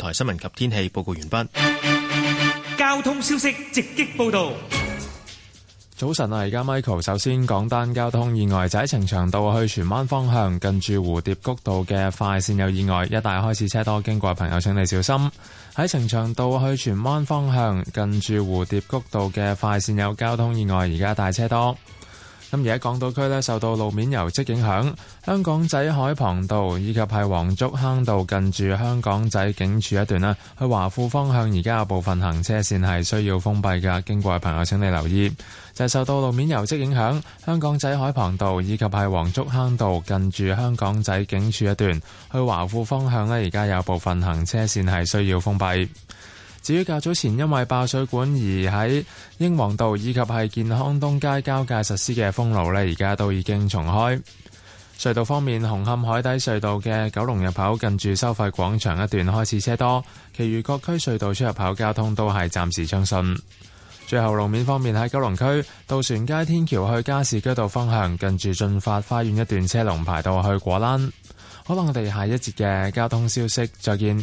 台新聞及天氣報告完畢。交通消息直擊報道。早晨啊，而家 Michael 首先講單交通意外，就喺呈祥道去荃灣方向，近住蝴蝶谷道嘅快線有意外，一帶開始車多，經過嘅朋友請你小心。喺呈祥道去荃灣方向，近住蝴蝶谷道嘅快線有交通意外，而家大車多。咁而喺港島區呢，受到路面油漬影響，香港仔海旁道以及喺黃竹坑道近住香港仔警署一段啦，去華富方向而家有部分行車線係需要封閉嘅，經過嘅朋友請你留意。就係、是、受到路面油漬影響，香港仔海旁道以及喺黃竹坑道近住香港仔警署一段去華富方向呢，而家有部分行車線係需要封閉。至於較早前因為爆水管而喺英皇道以及係健康東街交界實施嘅封路呢，而家都已經重開。隧道方面，紅磡海底隧道嘅九龍入口近住收費廣場一段開始車多，其餘各區隧道出入口交通都係暫時暢順。最後路面方面喺九龍區渡船街天橋去加士居道方向，近住進發花園一段車龍排到去果欄。好啦，我哋下一節嘅交通消息，再見。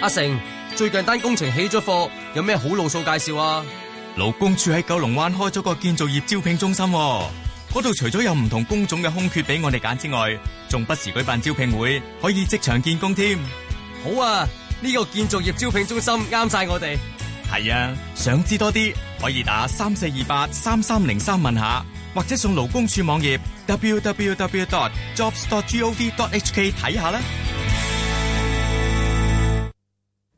阿成，最近單工程起咗貨，有咩好路數介紹啊？勞工處喺九龍灣開咗個建造業招聘中心，啊，嗰度除咗有唔同工種嘅空缺俾我哋揀之外，仲不時舉辦招聘會，可以即場見工添。好啊，呢、這個建造業招聘中心啱晒我哋。係啊，想知多啲可以打三四二八三三零三問下，或者送勞工處網頁 www.jobs.gov.hk 睇下啦。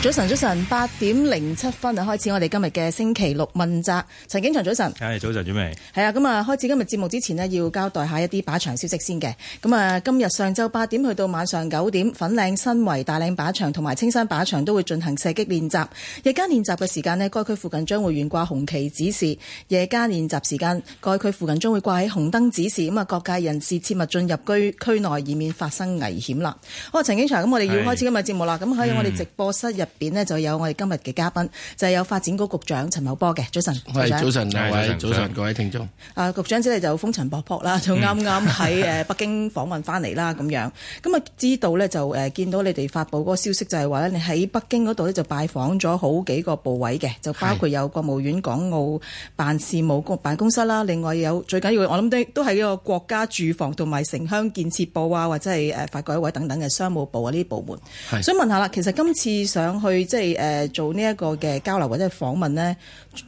早晨，早晨，早晨，八點零七分啊！開始我哋今日嘅星期六問責。陳景祥，早晨。早晨，準備係啊，咁啊，開始今日節目之前咧，要交代一下一啲靶場消息先嘅。咁啊，今日上晝八點去到晚上九點粉嶺新圍大嶺靶、靶場同埋青山靶場都會進行射擊練習。日間練習嘅時間咧，該區附近將會懸掛紅旗指示，夜間練習時間該區附近將會掛起紅燈指示。咁啊，各界人士切勿進入居區內以免發生危險啦。好，陳景祥，咁我哋要開始今日節目啦。咁喺我哋直播室入入邊就有我哋今日嘅嘉賓，就係、是、有發展局局長陳茂波嘅。早晨，係早，早晨，各位早晨，早，晨早，晨早晨，各位聽眾。啊，局長即係就風塵僕僕啦，就啱啱喺誒北京訪問翻嚟啦咁樣。咁、嗯、啊， 知道咧就誒見到你哋發布嗰個消息就，就係話咧你喺北京嗰度咧就拜訪咗好幾個部委嘅，就包括有國務院港澳辦事務局辦公室啦，另外有最緊要我諗都都係呢個國家住房同埋城鄉建設部啊，或者係誒發改委等等嘅商務部啊呢啲部門。想問下啦，其實今次上去即係誒做呢一個嘅交流或者訪問呢，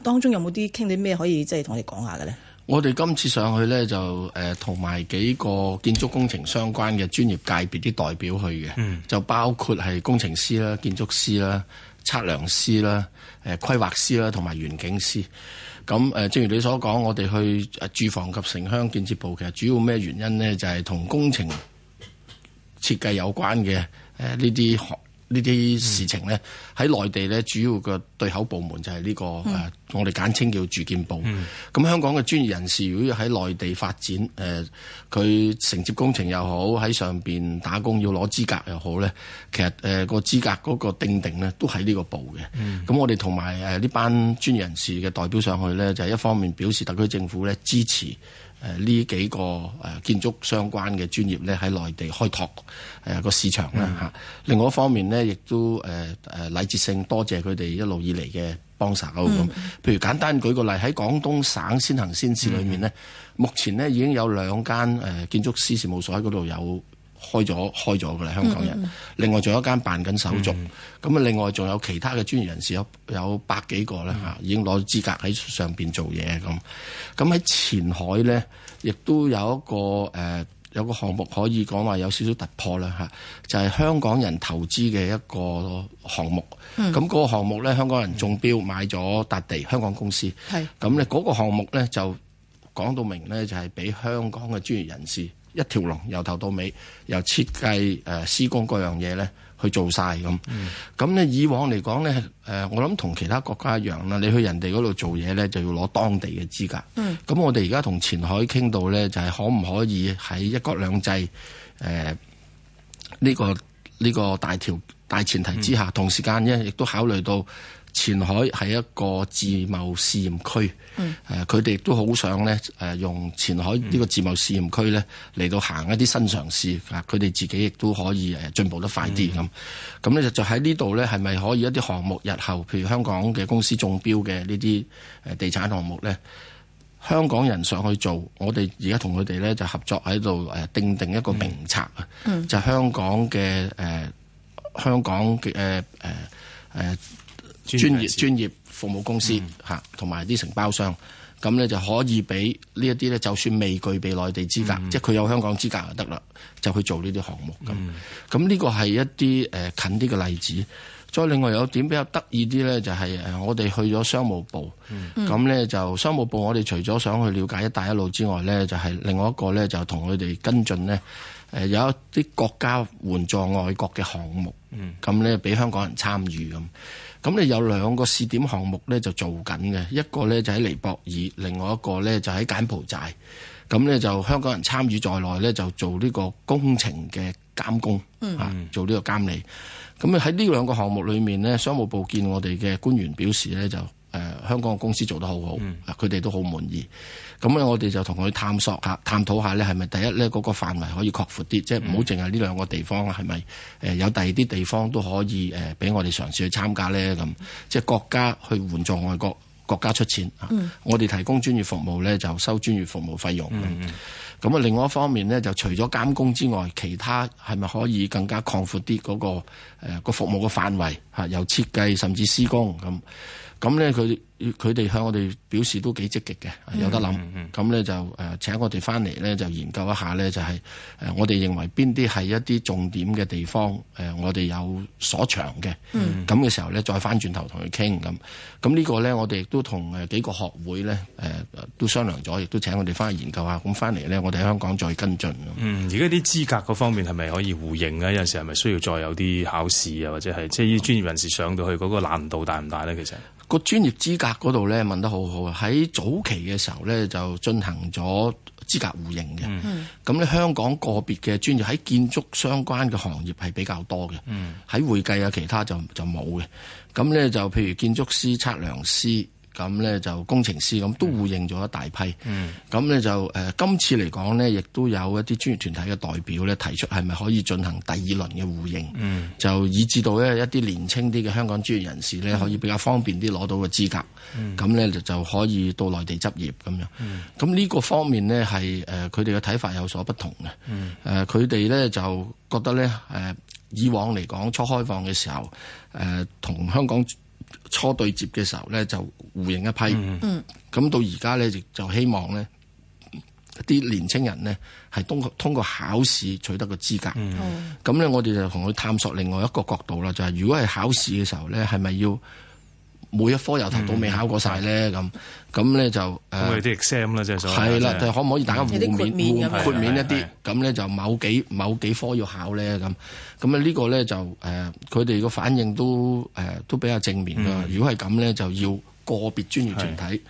當中有冇啲傾啲咩可以即係同我哋講下嘅咧？我哋今次上去呢，就誒同埋幾個建築工程相關嘅專業界別啲代表去嘅、嗯，就包括係工程師啦、建築師啦、測量師啦、誒規劃師啦同埋園景師。咁誒、呃、正如你所講，我哋去、呃、住房及城鄉建設部其實主要咩原因呢？就係、是、同工程設計有關嘅誒呢啲學。呃呢啲事情呢，喺、嗯、內地呢，主要個對口部門就係呢、這個誒、嗯啊，我哋簡稱叫住建部。咁、嗯、香港嘅專業人士如果要喺內地發展，誒、呃、佢承接工程又好，喺上邊打工要攞資格又好呢，其實誒、呃那個資格嗰個定定呢都喺呢個部嘅。咁、嗯、我哋同埋誒呢班專業人士嘅代表上去呢，就係一方面表示特區政府呢支持。誒、呃、呢幾個誒、呃、建築相關嘅專業咧，喺內地開拓誒個、呃、市場啦嚇、嗯。另外一方面呢，亦都誒誒、呃呃、禮節性多謝佢哋一路以嚟嘅幫手咁。譬如簡單舉個例，喺廣東省先行先試裏面咧、嗯，目前咧已經有兩間誒建築師事務所喺嗰度有。開咗開咗噶啦，香港人。嗯、另外仲有一間辦緊手續，咁、嗯、啊，另外仲有其他嘅專業人士有有百幾個啦吓，已經攞咗資格喺上邊做嘢，咁。咁喺前海呢，亦都有一個誒、呃，有個項目可以講話有少少突破啦吓，就係、是、香港人投資嘅一個項目。咁嗰個項目呢，香港人中標買咗笪地，香港公司。係咁咧，嗰個項目呢，就講到明呢，就係俾香港嘅專業人士。一條龍由頭到尾，由設計誒、呃、施工各樣嘢咧去做晒。咁。咁、嗯、咧以往嚟講呢，誒我諗同其他國家一樣啦。你去人哋嗰度做嘢呢，就要攞當地嘅資格。咁、嗯、我哋而家同前海傾到呢，就係、是、可唔可以喺一國兩制誒呢、呃呢個呢、呢個大條大前提之下，嗯、同時間呢亦都考慮到。前海係一個自貿試驗區，誒佢哋亦都好想咧誒用前海呢個自貿試驗區咧嚟到行一啲新嘗試，佢哋自己亦都可以誒進步得快啲咁。咁、嗯、咧就喺呢度咧，係咪可以一啲項目日後，譬如香港嘅公司中標嘅呢啲誒地產項目咧，香港人上去做，我哋而家同佢哋咧就合作喺度誒定定一個名冊啊，就係、香港嘅誒、呃、香港嘅誒誒。呃呃呃專業專業服務公司同埋啲承包商咁呢就可以俾呢一啲呢就算未具備內地資格，即係佢有香港資格就得啦，就去做呢啲項目咁。咁、嗯、呢個係一啲近啲嘅例子。再另外有一點比較得意啲呢，就係我哋去咗商務部，咁、嗯、呢，就商務部我哋除咗想去了解一帶一路之外呢，就係、是、另外一個呢，就同佢哋跟進呢，有一啲國家援助外國嘅項目，咁、嗯、呢，俾香港人參與咁。咁咧有兩個試點項目咧就做緊嘅，一個咧就喺尼泊爾，另外一個咧就喺柬埔寨。咁咧就香港人參與在內咧就做呢個工程嘅監工，嗯啊、做呢個監理。咁啊喺呢兩個項目裏面咧，商務部見我哋嘅官員表示咧就。誒、呃，香港嘅公司做得好好，佢、嗯、哋都好滿意。咁咧，我哋就同佢探索下，探討下呢係咪第一呢嗰、那個範圍可以擴闊啲、嗯，即係唔好淨係呢兩個地方啦？係咪誒有第二啲地方都可以誒俾、呃、我哋嘗試去參加呢？咁即係國家去援助外國國家出錢，嗯、我哋提供專業服務呢就收專業服務費用。咁、嗯、啊、嗯，另外一方面呢，就除咗監工之外，其他係咪可以更加擴闊啲嗰、那個誒、呃、服務嘅範圍嚇？由、啊、設計甚至施工咁。咁咧佢。佢哋向我哋表示都幾積極嘅，有得諗。咁、嗯、咧、嗯嗯、就誒、呃、請我哋翻嚟咧，就研究一下咧，就係、是、誒、呃、我哋認為邊啲係一啲重點嘅地方，誒、呃、我哋有所長嘅。咁、嗯、嘅時候咧，再翻轉頭同佢傾咁。咁呢個咧，我哋亦都同誒幾個學會咧誒、呃、都商量咗，亦都請我哋翻去研究下。咁翻嚟咧，我哋喺香港再跟進。嗯，而家啲資格嗰方面係咪可以互認啊？有陣時係咪需要再有啲考試啊？或者係即係啲專業人士上到去嗰個難度大唔大咧？其實個專業資格。嗰度咧問得好好，啊，喺早期嘅時候咧就進行咗資格互認嘅。咁、嗯、咧香港個別嘅專業喺建築相關嘅行業係比較多嘅，喺、嗯、會計啊其他就就冇嘅。咁咧就譬如建築師、測量師。咁呢就工程師咁都互認咗一大批，咁呢就誒、呃、今次嚟講呢，亦都有一啲專業團體嘅代表呢，提出，係咪可以進行第二輪嘅互認？嗯、就以至到呢一啲年輕啲嘅香港專業人士呢、嗯，可以比較方便啲攞到個資格，咁、嗯、呢就可以到內地執業咁樣。咁、嗯、呢個方面呢，係誒佢哋嘅睇法有所不同嘅。佢、嗯、哋、呃、呢，就覺得呢，呃、以往嚟講初開放嘅時候誒、呃、同香港。初對接嘅時候咧，就互認一批，咁、嗯、到而家咧就希望咧，啲年青人呢，係通過通過考試取得個資格，咁、嗯、咧我哋就同佢探索另外一個角度啦，就係、是、如果係考試嘅時候咧，係咪要？每一科由頭到尾考過晒咧，咁咁咧就誒，係啲 exam 啦即係所謂係啦，但、嗯、係、嗯嗯就是嗯就是、可唔可以大家豁免豁免一啲？咁咧就某，某幾某幾科要考咧咁。咁啊呢個咧就誒，佢哋個反應都誒、呃、都比較正面㗎、嗯。如果係咁咧，就要個別專業團體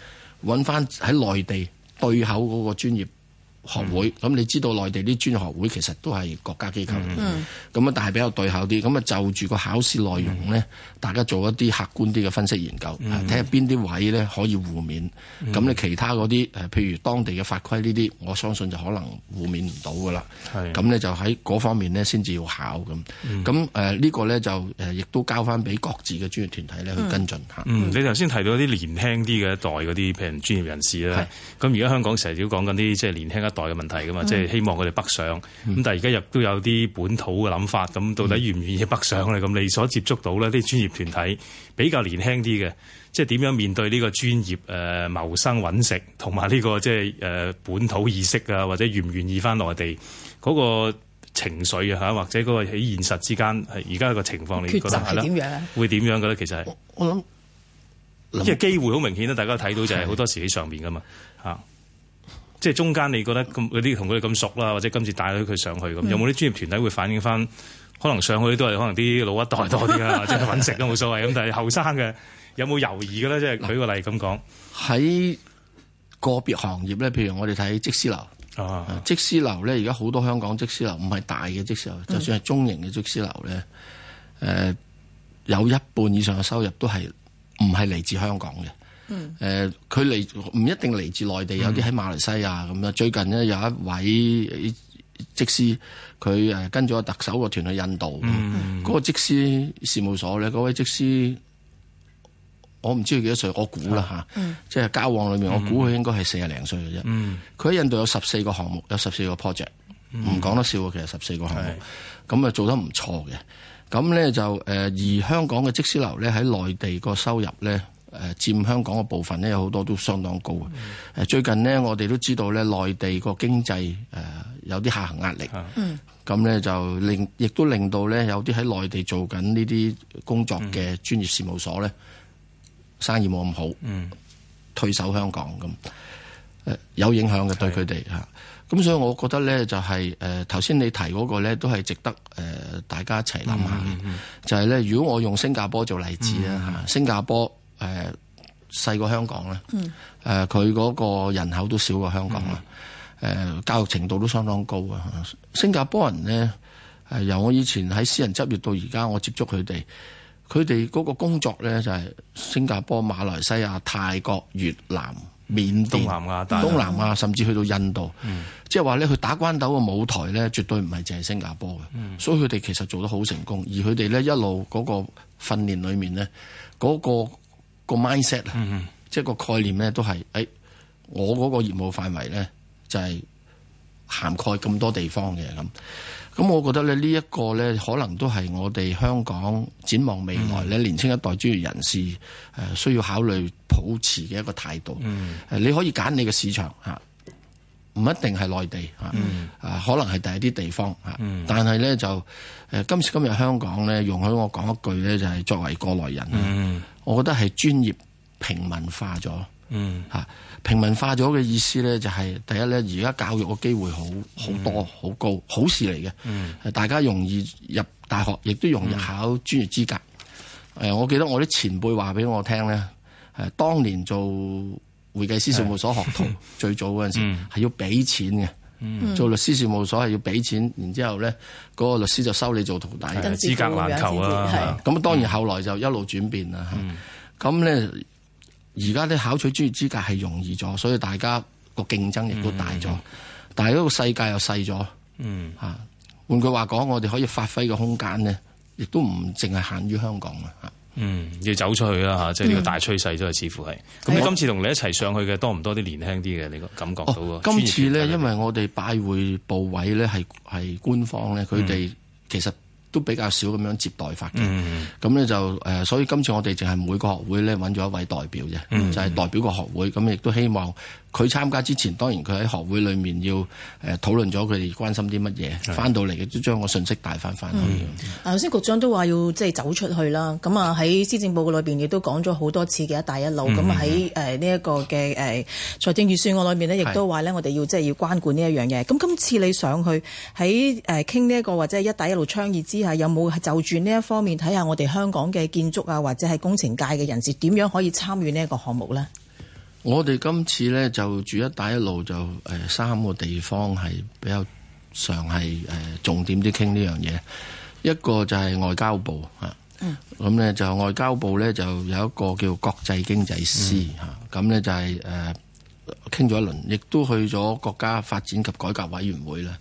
搵翻喺內地對口嗰個專業。是的是的學會，咁你知道內地啲專業學會其實都係國家機構，咁、嗯、啊但係比較對口啲，咁啊就住個考試內容呢、嗯，大家做一啲客觀啲嘅分析研究，睇下邊啲位呢可以互免。咁、嗯、你其他嗰啲譬如當地嘅法規呢啲，我相信就可能互免唔到噶啦，咁你就喺嗰方面呢先至要考咁，咁、嗯、呢個呢，就亦都交翻俾各自嘅專業團體呢去跟進下。嗯嗯、你頭先提到啲年輕啲嘅一代嗰啲譬如專業人士咧，咁而家香港成日都講緊啲即係年輕代嘅問題噶嘛，即係希望佢哋北上，咁但係而家亦都有啲本土嘅諗法，咁到底願唔願意北上咧？咁你所接觸到咧啲專業團體比較年輕啲嘅，即係點樣面對呢個專業誒謀生揾食，同埋呢個即係誒本土意識啊，或者願唔願意翻內地嗰個情緒啊吓，或者嗰個喺現實之間係而家個情況，你覺得係咧？會點樣嘅咧？其實我諗呢個機會好明顯，大家睇到就係好多時喺上面噶嘛吓。即係中間，你覺得咁嗰啲同佢哋咁熟啦，或者今次帶咗佢上去咁，有冇啲專業團體會反映翻？可能上去都係可能啲老一代多啲啦，即係揾食都冇所謂咁，但係後生嘅有冇猶豫嘅咧？即係舉個例咁講，喺個別行業咧，譬如我哋睇則師樓、啊，則師樓咧，而家好多香港則師樓唔係大嘅則師樓，就算係中型嘅則師樓咧，誒、嗯、有一半以上嘅收入都係唔係嚟自香港嘅。誒、嗯，佢嚟唔一定嚟自內地，有啲喺馬來西亞咁、嗯、樣。最近咧，有一位則師，佢誒跟咗特首個團去印度。嗰、嗯、那個則師事務所咧，嗰位則師，我唔知佢幾多歲，我估啦嚇。即、嗯、係、啊就是、交往裏面，嗯、我估佢應該係四十零歲嘅啫。佢、嗯、喺印度有十四個項目，有十四個 project，唔講得笑，其實十四個項目，咁、嗯、啊、嗯、做得唔錯嘅。咁咧就誒、呃，而香港嘅則師樓咧喺內地個收入咧。誒佔香港嘅部分呢，有好多都相當高嘅、嗯。最近呢，我哋都知道咧，內地個經濟誒、呃、有啲下行壓力。嗯，咁咧就令，亦都令到咧有啲喺內地做緊呢啲工作嘅專業事務所咧、嗯，生意冇咁好、嗯。退守香港咁，誒、呃、有影響嘅對佢哋嚇。咁、嗯、所以我覺得咧，就係誒頭先你提嗰個咧，都係值得誒、呃、大家一齊諗下嘅。就係、是、咧，如果我用新加坡做例子咧、嗯啊、新加坡。誒、呃，細過香港啦，誒、呃，佢嗰個人口都少過香港啦，誒、嗯呃，教育程度都相當高啊！新加坡人呢，誒、呃，由我以前喺私人執業到而家，我接觸佢哋，佢哋嗰個工作呢，就係、是、新加坡、馬來西亞、泰國、越南、緬甸、東南亞、甚至去到印度，嗯、即係話呢，佢打關斗嘅舞台呢，絕對唔係淨係新加坡嘅、嗯，所以佢哋其實做得好成功，而佢哋呢，一路嗰個訓練裏面呢，嗰、那個。個 mindset 啊、mm -hmm.，即係個概念咧，都係誒，我嗰個業務範圍咧就係涵蓋咁多地方嘅咁。咁我覺得咧呢一個咧，可能都係我哋香港展望未來咧，mm -hmm. 年輕一代專業人士誒，需要考慮抱持嘅一個態度。Mm -hmm. 你可以揀你嘅市場吓，唔一定係內地吓，啊、mm -hmm.，可能係第一啲地方吓，mm -hmm. 但係咧就誒，今時今日香港咧，容許我講一句咧，就係、是、作為過來人。Mm -hmm. 我覺得係專業平民化咗、嗯，平民化咗嘅意思咧、就係，就係第一咧，而家教育嘅機會好好多，好、嗯、高，好事嚟嘅、嗯，大家容易入大學，亦都容易考專業資格。嗯、我記得我啲前輩話俾我聽咧，誒，當年做會計師事務所學徒，嗯、最早嗰陣時係、嗯、要俾錢嘅。嗯、做律師事務所係要俾錢，然之後咧，嗰個律師就收你做徒弟，資、啊、格難求啊。咁啊，當然後來就一路轉變啦。咁、嗯、呢，而家咧，考取專業資格係容易咗，所以大家個競爭亦都大咗、嗯。但係嗰個世界又細咗。嗯，吓，換句話講，我哋可以發揮嘅空間呢，亦都唔淨係限於香港啊。嗯，要走出去啦吓，即係呢個大趨勢都係似乎係。咁、嗯、你今次同你一齊上去嘅多唔多啲年輕啲嘅？你感覺到啊、哦？今次咧，因為我哋拜會部委咧，係係官方咧，佢哋其實。都比較少咁樣接待法嘅，咁、mm、咧 -hmm. 就誒、呃，所以今次我哋淨係每個學會咧揾咗一位代表啫，mm -hmm. 就係代表個學會，咁亦都希望佢參加之前，當然佢喺學會裏面要誒、呃、討論咗佢哋關心啲乜嘢，翻到嚟都將個信息帶翻翻去。嗱、mm -hmm.，先、啊、局長都話要即係走出去啦，咁啊喺施政報告裏邊亦都講咗好多次嘅一帶一路，咁喺誒呢一個嘅誒、呃、財政預算案裏面呢，亦都話呢，我哋要即係要關顧呢一樣嘢。咁今次你上去喺誒傾呢一個或者係一帶一路倡議之。有冇就住呢一方面睇下我哋香港嘅建築啊，或者係工程界嘅人士點樣可以參與呢一個項目呢？我哋今次呢，就住一帶一路就誒三個地方係比較常係誒重點啲傾呢樣嘢，一個就係外交部吓，咁、嗯、呢就外交部呢，就有一個叫國際經濟司吓，咁、嗯、呢就係、是、誒。傾咗一輪，亦都去咗國家發展及改革委員會啦。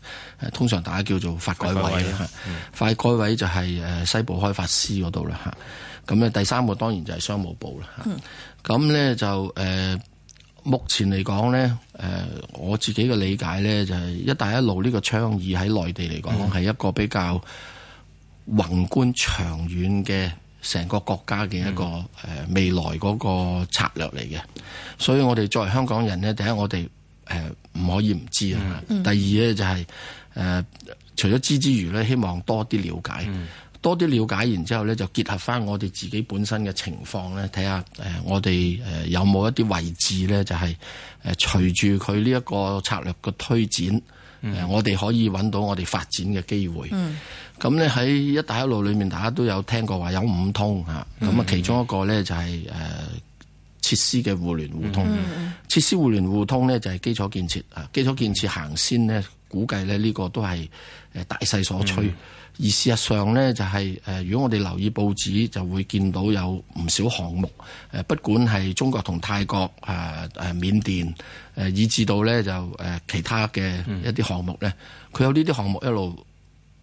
通常大家叫做發改委，發改委就係誒西部開發司嗰度啦。吓，咁咧第三個當然就係商務部啦。咁咧就誒、呃，目前嚟講咧，誒、呃、我自己嘅理解咧，就係一帶一路呢個倡議喺內地嚟講係一個比較宏觀長遠嘅。成個國家嘅一個誒、未來嗰個策略嚟嘅，所以我哋作為香港人呢，第一我哋誒、唔可以唔知啊。第二咧就係誒、除咗知之餘咧，希望多啲了解，多啲了解，然之後咧就結合翻我哋自己本身嘅情況咧，睇下誒、我哋誒、有冇一啲位置咧，就係誒、隨住佢呢一個策略嘅推展，誒，我哋可以揾到我哋發展嘅機會。咁呢喺一帶一路裏面，大家都有聽過話有五通吓，咁啊其中一個咧就係誒設施嘅互聯互通。嗯、設施互聯互通咧就係基礎建設啊，基礎建設行先呢。估計咧呢個都係誒大勢所趨，而事實上呢、就是，就係誒如果我哋留意報紙，就會見到有唔少項目誒，不管係中國同泰國啊誒、緬甸誒，以至到呢，就誒其他嘅一啲項目呢，佢、嗯、有呢啲項目一路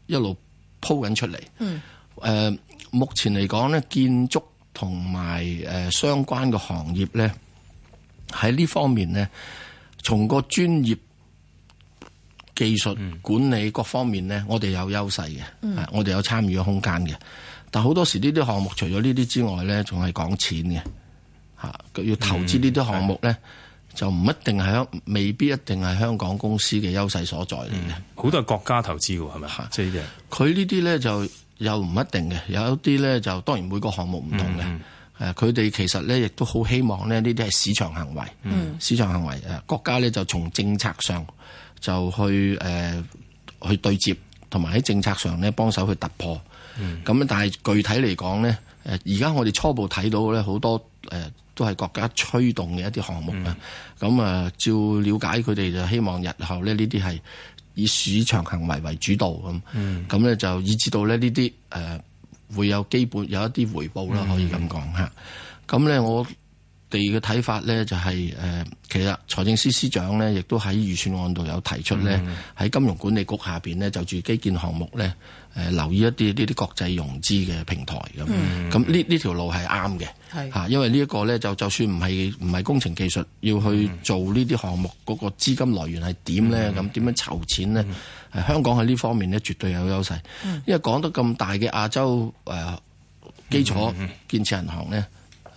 一路鋪緊出嚟。誒、嗯、目前嚟講呢，建築同埋誒相關嘅行業呢，喺呢方面呢，從個專業，技術管理各方面呢、嗯，我哋有優勢嘅、嗯，我哋有參與嘅空間嘅。但好多時呢啲項目，除咗呢啲之外呢，仲係講錢嘅嚇。要投資呢啲項目呢，嗯、就唔一定係，未必一定係香港公司嘅優勢所在嚟嘅。好、嗯、多係國家投資喎，係咪嚇？即係佢呢啲呢，就又唔一定嘅，有一啲呢，就當然每個項目唔同嘅。佢、嗯、哋其實呢，亦都好希望呢，呢啲係市場行為。嗯、市場行為國、嗯、國家呢，就從政策上。就去誒、呃、去對接，同埋喺政策上呢幫手去突破。咁、嗯、但係具體嚟講呢，誒而家我哋初步睇到咧，好多誒都係國家推動嘅一啲項目啊。咁、嗯、啊，照了解佢哋就希望日後呢啲係以市場行為為主導咁。咁、嗯、就以至到呢啲誒會有基本有一啲回報啦，可以咁講吓，咁呢我。第二個睇法呢、就係，就係其實財政司司長呢，亦都喺預算案度有提出呢喺、嗯、金融管理局下邊呢，就住基建項目呢，留意一啲呢啲國際融資嘅平台咁。咁呢呢條路係啱嘅，因為呢一個呢，就就算唔係唔係工程技術，要去做呢啲項目嗰個資金來源係點呢？咁點樣籌錢呢？嗯、香港喺呢方面呢，絕對有優勢、嗯，因為講得咁大嘅亞洲誒、呃、基礎建設銀行呢。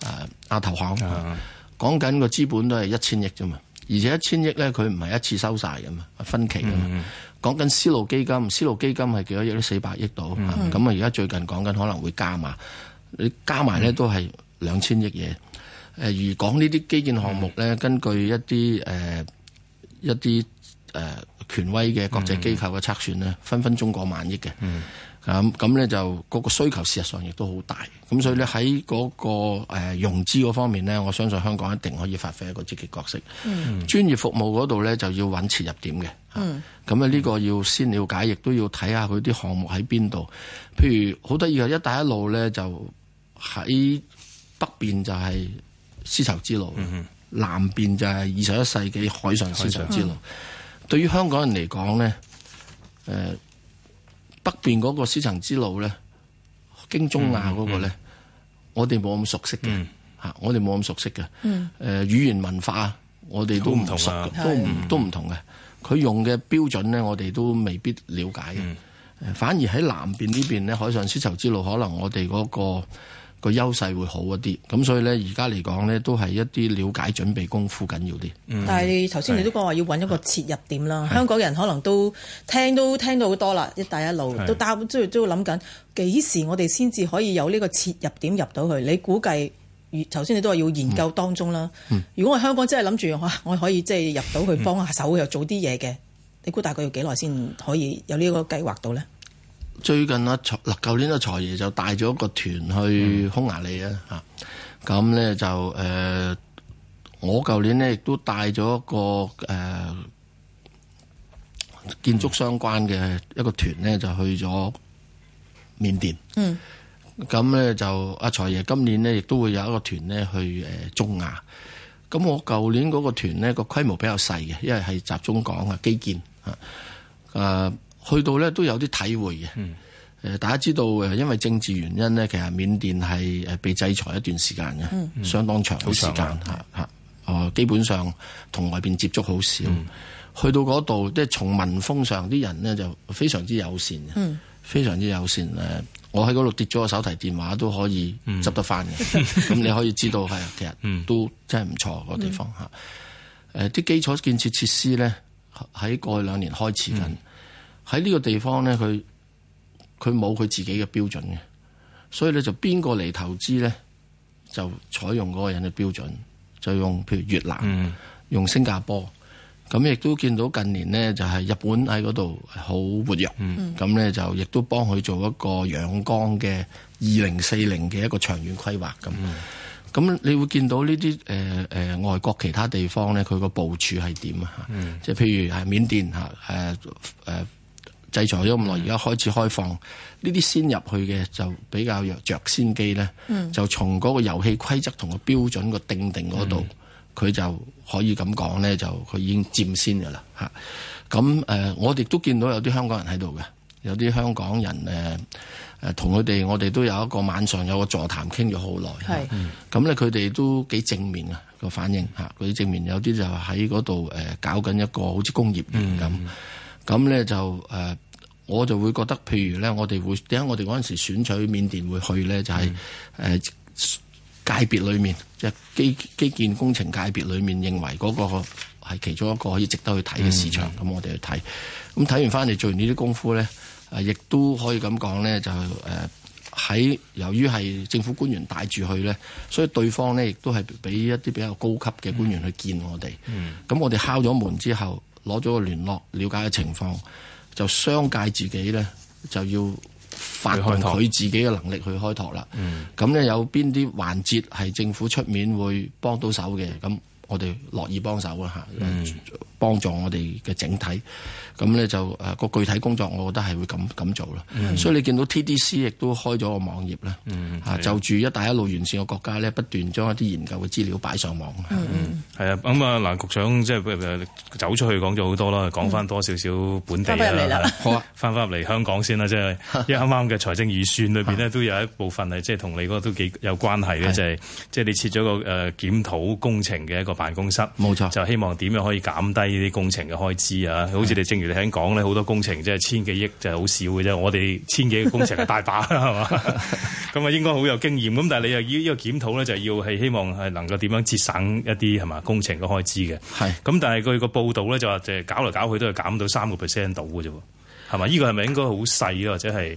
誒，亞投行講緊個資本都係一千億啫嘛，而且一千億咧，佢唔係一次收晒嘅嘛，分期嘅嘛。講緊絲路基金，絲路基金係幾多億？都四百億到，咁啊而家最近講緊可能會加碼，你加埋咧都係兩千億嘢。誒，如講呢啲基建項目咧，嗯、根據一啲誒、呃、一啲誒、呃、權威嘅國際機構嘅測算咧，嗯嗯、分分鐘過萬億嘅。嗯咁咁咧就嗰個需求事實上亦都好大，咁所以咧喺嗰個誒融資嗰方面咧，我相信香港一定可以發揮一個積極角色。嗯、專業服務嗰度咧就要搵切入點嘅。咁啊呢個要先了解，亦都要睇下佢啲項目喺邊度。譬如好得意啊，一帶一路咧就喺北邊就係絲綢之路，嗯、南邊就係二十一世紀海上絲綢之路。之路嗯、對於香港人嚟講咧，誒、呃。北邊嗰個絲綢之路咧，經中亞嗰、那個咧、嗯嗯，我哋冇咁熟悉嘅，吓、嗯、我哋冇咁熟悉嘅，誒、嗯呃、語言文化我哋都唔熟、啊、都唔都唔同嘅，佢用嘅標準咧，我哋都未必了解嘅、嗯，反而喺南邊呢邊咧，海上絲綢之路可能我哋嗰、那個。個優勢會好一啲，咁所以咧而家嚟講咧，都係一啲了解準備功夫緊要啲、嗯。但係頭先你都講話要搵一個切入點啦，香港人可能都聽都聽到好多啦，一帶一路都擔即係都諗緊幾時我哋先至可以有呢個切入點入到去。你估計頭先你都話要研究當中啦。嗯嗯、如果我香港真係諗住我可以即係入到去幫下手又做啲嘢嘅，你估大概要幾耐先可以有呢個計劃到咧？最近啊，財嗱，舊年阿財爺就帶咗一個團去匈牙利啊，嚇咁咧就誒、呃，我舊年呢，亦都帶咗一個誒、呃、建築相關嘅一個團呢，就去咗緬甸。嗯，咁咧就阿財爺今年呢，亦都會有一個團呢去誒中亞。咁我舊年嗰個團咧個規模比較細嘅，因為係集中講吓基建啊，誒、呃。去到咧都有啲體會嘅、嗯呃，大家知道因為政治原因呢，其實緬甸係被制裁一段時間嘅、嗯，相當長嘅時間哦、呃、基本上同外邊接觸好少、嗯。去到嗰度，即係從民風上啲人呢，就非常之友善、嗯、非常之友善，我喺嗰度跌咗個手提電話都可以執得翻嘅，咁、嗯、你可以知道係、嗯、其實都真係唔錯、個地方啲、嗯呃、基礎建設設施咧喺過去兩年開始緊。嗯喺呢個地方咧，佢佢冇佢自己嘅標準嘅，所以咧就邊個嚟投資咧，就採用嗰個人嘅標準，就用譬如越南，嗯、用新加坡，咁亦都見到近年呢，就係、是、日本喺嗰度好活躍，咁、嗯、咧就亦都幫佢做一個仰光嘅二零四零嘅一個長遠規劃咁。咁、嗯、你會見到呢啲誒誒外國其他地方咧，佢個部署係點啊？即、嗯、係譬如係緬甸嚇誒誒。呃呃呃制裁咗咁耐，而家開始開放，呢、嗯、啲先入去嘅就比較弱，著先機咧。就從嗰個遊戲規則同個標準個定定嗰度，佢、嗯、就可以咁講咧，就佢已經佔先噶啦嚇咁誒，我哋都見到有啲香港人喺度嘅，有啲香港人誒誒同佢哋我哋都有一個晚上有個座談，談，傾咗好耐。係咁咧，佢哋都幾正面啊個反應嚇。佢啲正面有啲就喺嗰度誒搞緊一個好似工業園咁。嗯嗯咁呢就、呃、我就會覺得，譬如呢，為我哋會點解我哋嗰陣時選取緬甸會去呢，就係、是嗯呃、界別裏面，即、就、係、是、基基建工程界別裏面，認為嗰個係其中一個可以值得去睇嘅市場。咁、嗯、我哋去睇，咁、嗯、睇、嗯、完翻嚟做完呢啲功夫呢、呃，亦都可以咁講呢，就喺、呃、由於係政府官員帶住去呢，所以對方呢，亦都係俾一啲比較高級嘅官員去見我哋。咁、嗯嗯、我哋敲咗門之後。攞咗個聯絡，了解嘅情況，就商界自己呢，就要發掘佢自己嘅能力去開拓啦。嗯，咁呢，有邊啲環節係政府出面會幫到手嘅咁？我哋樂意幫手啊嚇，幫助我哋嘅整體，咁、嗯、咧就誒個具體工作，我覺得係會咁咁做啦、嗯。所以你見到 TDC 亦都開咗個網頁咧、嗯啊，就住一帶一路沿線嘅國家咧，不斷將一啲研究嘅資料擺上網。嗯，係啊，咁啊，嗱，局長即係、就是、走出去講咗好多啦，講翻多少少本地啦、嗯啊，好啊，翻返入嚟香港先啦，即係一啱啱嘅財政預算裏邊呢， 都有一部分係即係同你嗰個都幾有關係嘅、啊，就係即係你設咗個誒檢討工程嘅一個辦公室冇錯，就希望點樣可以減低呢啲工程嘅開支啊？好似你正如你喺講咧，好多工程即係千幾億，就係好少嘅啫。我哋千幾個工程係大把啦，係 嘛是吧？咁啊，應該好有經驗。咁但係你又要呢個檢討咧，就係要係希望係能夠點樣節省一啲係嘛工程嘅開支嘅。係咁，但係佢個報道咧就話誒搞嚟搞去都係減到三個 percent 度嘅啫，係嘛？呢個係咪應該好細啊？或者係？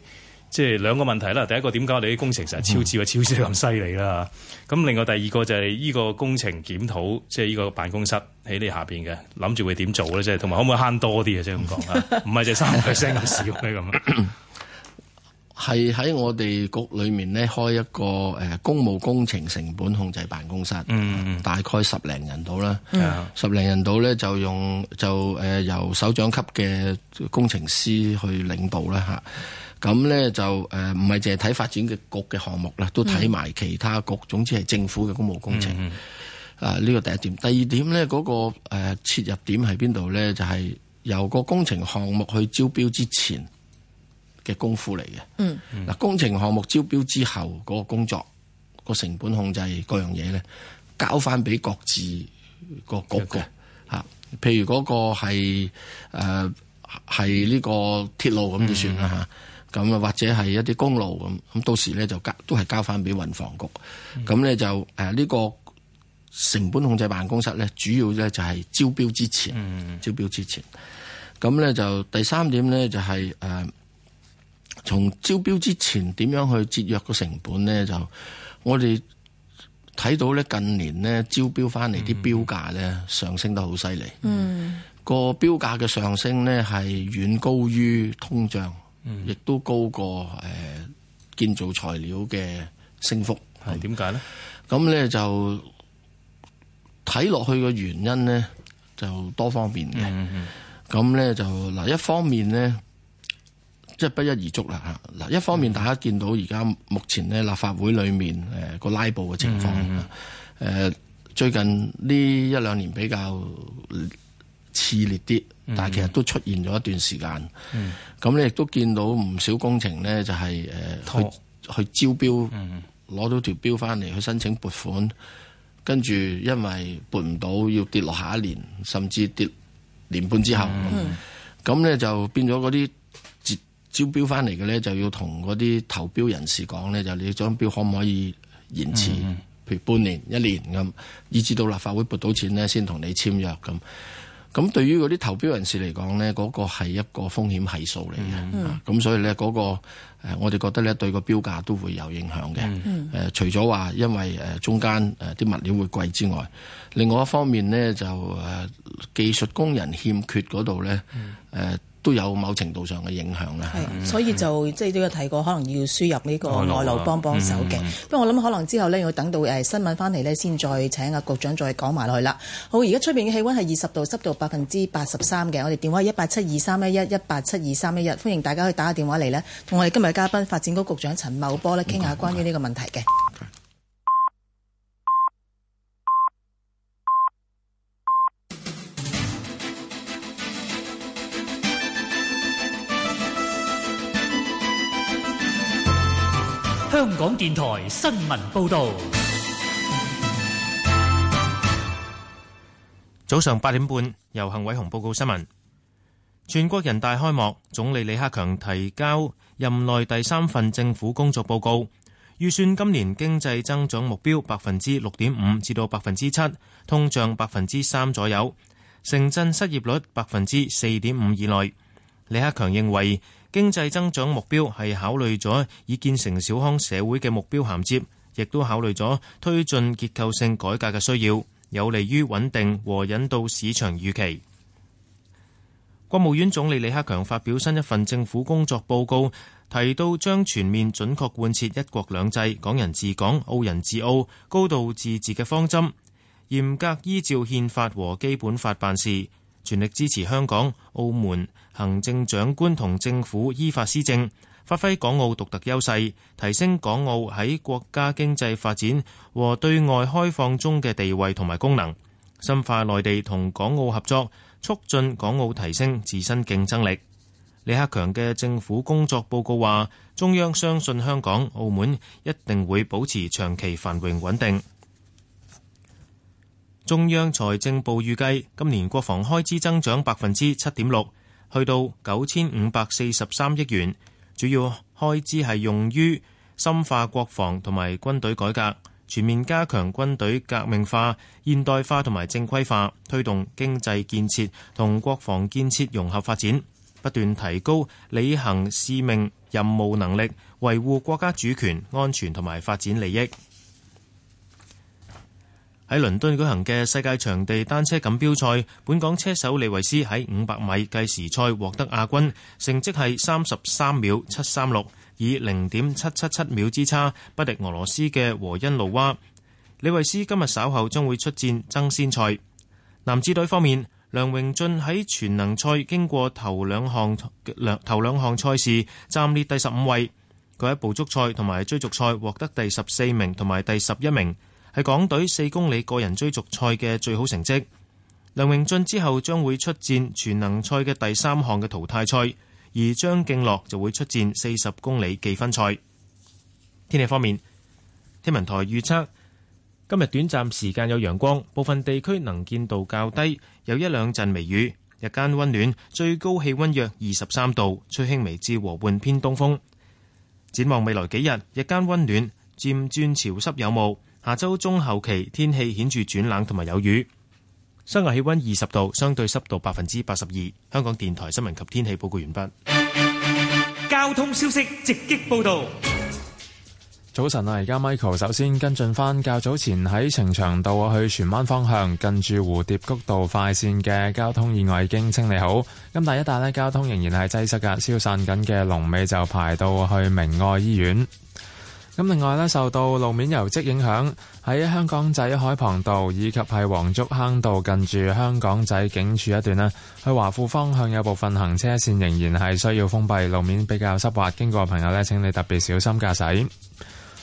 即係兩個問題啦，第一個點解我哋啲工程成日超支嘅，超支咁犀利啦？咁、嗯、另外第二個就係、是，呢個工程檢討，即係呢個辦公室喺你下邊嘅，諗住會點做咧？即係同埋可唔可以慳多啲啊？即係咁講，唔係就三 percent 咁少咧咁。係 喺我哋局裏面咧開一個誒公務工程成本控制辦公室，嗯、大概十零人度啦，嗯、十零人度咧就用就誒由首長級嘅工程師去領導啦吓。咁咧就誒唔係淨係睇發展嘅局嘅項目啦，都睇埋其他局，總之係政府嘅公務工程。嗯嗯、啊，呢、這個第一點。第二點咧，嗰、那個切、呃、入點喺邊度咧？就係、是、由個工程項目去招標之前嘅功夫嚟嘅。嗯。嗱、啊，工程項目招標之後嗰、那個工作、那個成本控制各樣嘢咧，交翻俾各自、那個局嘅、嗯、譬如嗰個係誒呢個鐵路咁就算啦。咁啊，或者係一啲公路咁，咁到時咧就交都係交翻俾運房局。咁、嗯、咧就誒呢、個成本控制辦公室咧，主要咧就係招標之前、嗯，招標之前。咁咧就第三點咧就係、是、誒，從、呃、招標之前點樣去節約個成本咧？就我哋睇到咧近年咧招標翻嚟啲標價咧上升得好犀利。嗯，個標價嘅上升咧係遠高於通脹。亦、嗯、都高過誒，建造材料嘅升幅係，點解呢？咁、嗯、咧就睇落去嘅原因呢，就多方面嘅。咁、嗯、咧、嗯、就嗱，一方面呢，即係不一而足啦吓。嗱，一方面大家見到而家目前咧立法會裏面誒個拉布嘅情況，誒、嗯嗯嗯、最近呢一兩年比較。熾烈啲，但係其實都出現咗一段時間。咁、嗯、你亦都見到唔少工程呢，就係誒去去招標，攞、嗯、到條標翻嚟去申請撥款，跟住因為撥唔到，要跌落下一年，甚至跌年半之後。咁、嗯、咧、嗯、就變咗嗰啲招標翻嚟嘅咧，就要同嗰啲投標人士講咧，就係、你張標可唔可以延遲、嗯，譬如半年、一年咁，以至到立法會撥到錢咧，先同你簽約咁。咁對於嗰啲投標人士嚟講呢嗰、嗰個係一個風險係數嚟嘅，咁、嗯、所以呢、嗰個，嗰個我哋覺得呢對個標價都會有影響嘅、嗯呃。除咗話因為中間啲物料會貴之外，另外一方面呢，就技術工人欠缺嗰度呢，嗯呃都有某程度上嘅影響啦，係，所以就即係都有睇過，可能要輸入呢個外勞幫幫手嘅、嗯嗯嗯嗯嗯。不過我諗可能之後呢，要等到新聞翻嚟呢，先再請阿局長再講埋落去啦。好，而家出面嘅氣温係二十度，濕度百分之八十三嘅。我哋電話係一八七二三一一一八七二三一一，歡迎大家可以打個電話嚟呢，同我哋今日嘅嘉賓發展局局長陳茂波呢，傾下關於呢個問題嘅。謝謝謝謝香港電台新聞報道：早上八點半，由幸偉雄報告新聞。全國人大開幕，總理李克強提交任內第三份政府工作報告，預算今年經濟增長目標百分之六點五至到百分之七，通脹百分之三左右，城鎮失業率百分之四點五以內。李克強認為。經濟增長目標係考慮咗已建成小康社會嘅目標銜接，亦都考慮咗推進結構性改革嘅需要，有利於穩定和引導市場預期。國務院總理李克強發表新一份政府工作報告，提到將全面準確貫徹一國兩制、港人治港、澳人治澳、高度自治嘅方針，嚴格依照憲法和基本法辦事，全力支持香港、澳門。行政長官同政府依法施政，發揮港澳獨特優勢，提升港澳喺國家經濟發展和對外開放中嘅地位同埋功能，深化內地同港澳合作，促進港澳提升自身競爭力。李克強嘅政府工作報告話，中央相信香港、澳門一定會保持長期繁榮穩定。中央財政部預計，今年國防開支增長百分之七點六。去到九千五百四十三億元，主要開支係用於深化國防同埋軍隊改革，全面加強軍隊革命化、現代化同埋正規化，推動經濟建設同國防建設融合發展，不斷提高履行使命任務能力，維護國家主權、安全同埋發展利益。喺倫敦舉行嘅世界場地單車錦標賽，本港車手李維斯喺五百米計時賽獲得亞軍，成績係三十三秒七三六，以零點七七七秒之差不敵俄羅斯嘅和恩盧娃。李維斯今日稍後將會出戰爭先賽。男子隊方面，梁榮進喺全能賽經過頭兩項頭兩項賽事暫列第十五位，佢喺捕捉賽同埋追逐賽獲得第十四名同埋第十一名。係港隊四公里個人追逐賽嘅最好成績。梁榮俊之後將會出戰全能賽嘅第三項嘅淘汰賽，而張敬樂就會出戰四十公里計分賽。天氣方面，天文台預測今日短暫時間有陽光，部分地區能見度較低，有一兩陣微雨。日間溫暖，最高氣溫約二十三度，吹輕微至和緩偏東風。展望未來幾日，日間溫暖，漸轉潮濕有霧。下周中後期天氣顯著轉冷，同埋有雨。室外氣温二十度，相對濕度百分之八十二。香港電台新聞及天氣報告完畢。交通消息直擊報道。早晨啊，而家 Michael 首先跟進返，較早前喺呈祥道去荃灣方向，近住蝴蝶谷道快線嘅交通意外已經清理好。咁但一帶呢交通仍然係擠塞噶，消散緊嘅龍尾就排到去明愛醫院。咁另外呢，受到路面油漬影響，喺香港仔海傍道以及喺黃竹坑道近住香港仔警署一段啦，去華富方向有部分行車線仍然係需要封閉，路面比較濕滑，經過嘅朋友呢，請你特別小心駕駛。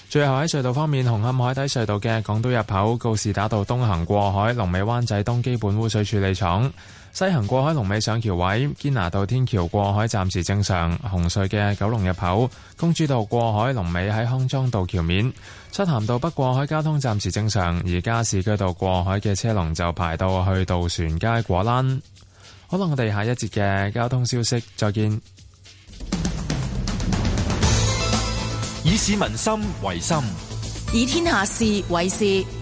最後喺隧道方面，紅磡海底隧道嘅港島入口告士打道東行過海，龍尾灣仔東基本污水處理廠。西行過海龍尾上橋位，堅拿道天橋過海暫時正常；紅隧嘅九龍入口、公主道過海龍尾喺康莊道橋面、漆咸道北過海交通暫時正常，而家加士居道過海嘅車龍就排到去渡船街果欄。好啦，我哋下一節嘅交通消息再見。以市民心為心，以天下事為事。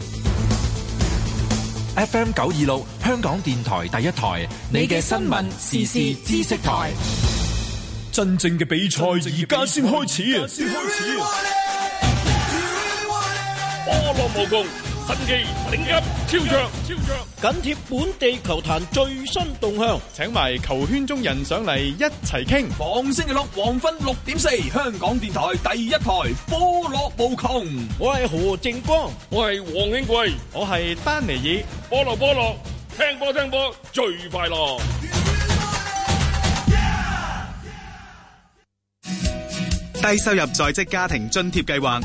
F M 九二六香港電台第一台，你嘅新聞時事知識台，真正嘅比賽而家先開始啊！而家先開始，阿樂無神奇，頂級，超卓，超卓，緊貼本地球壇最新動向，請埋球圈中人上嚟一齊傾。逢星期六黃昏六點四，香港電台第一台波樂無窮。我係何正光，我係黃興桂，我係丹尼爾。波樂波樂，聽波聽波，最快樂。低收入在職家庭津貼計劃。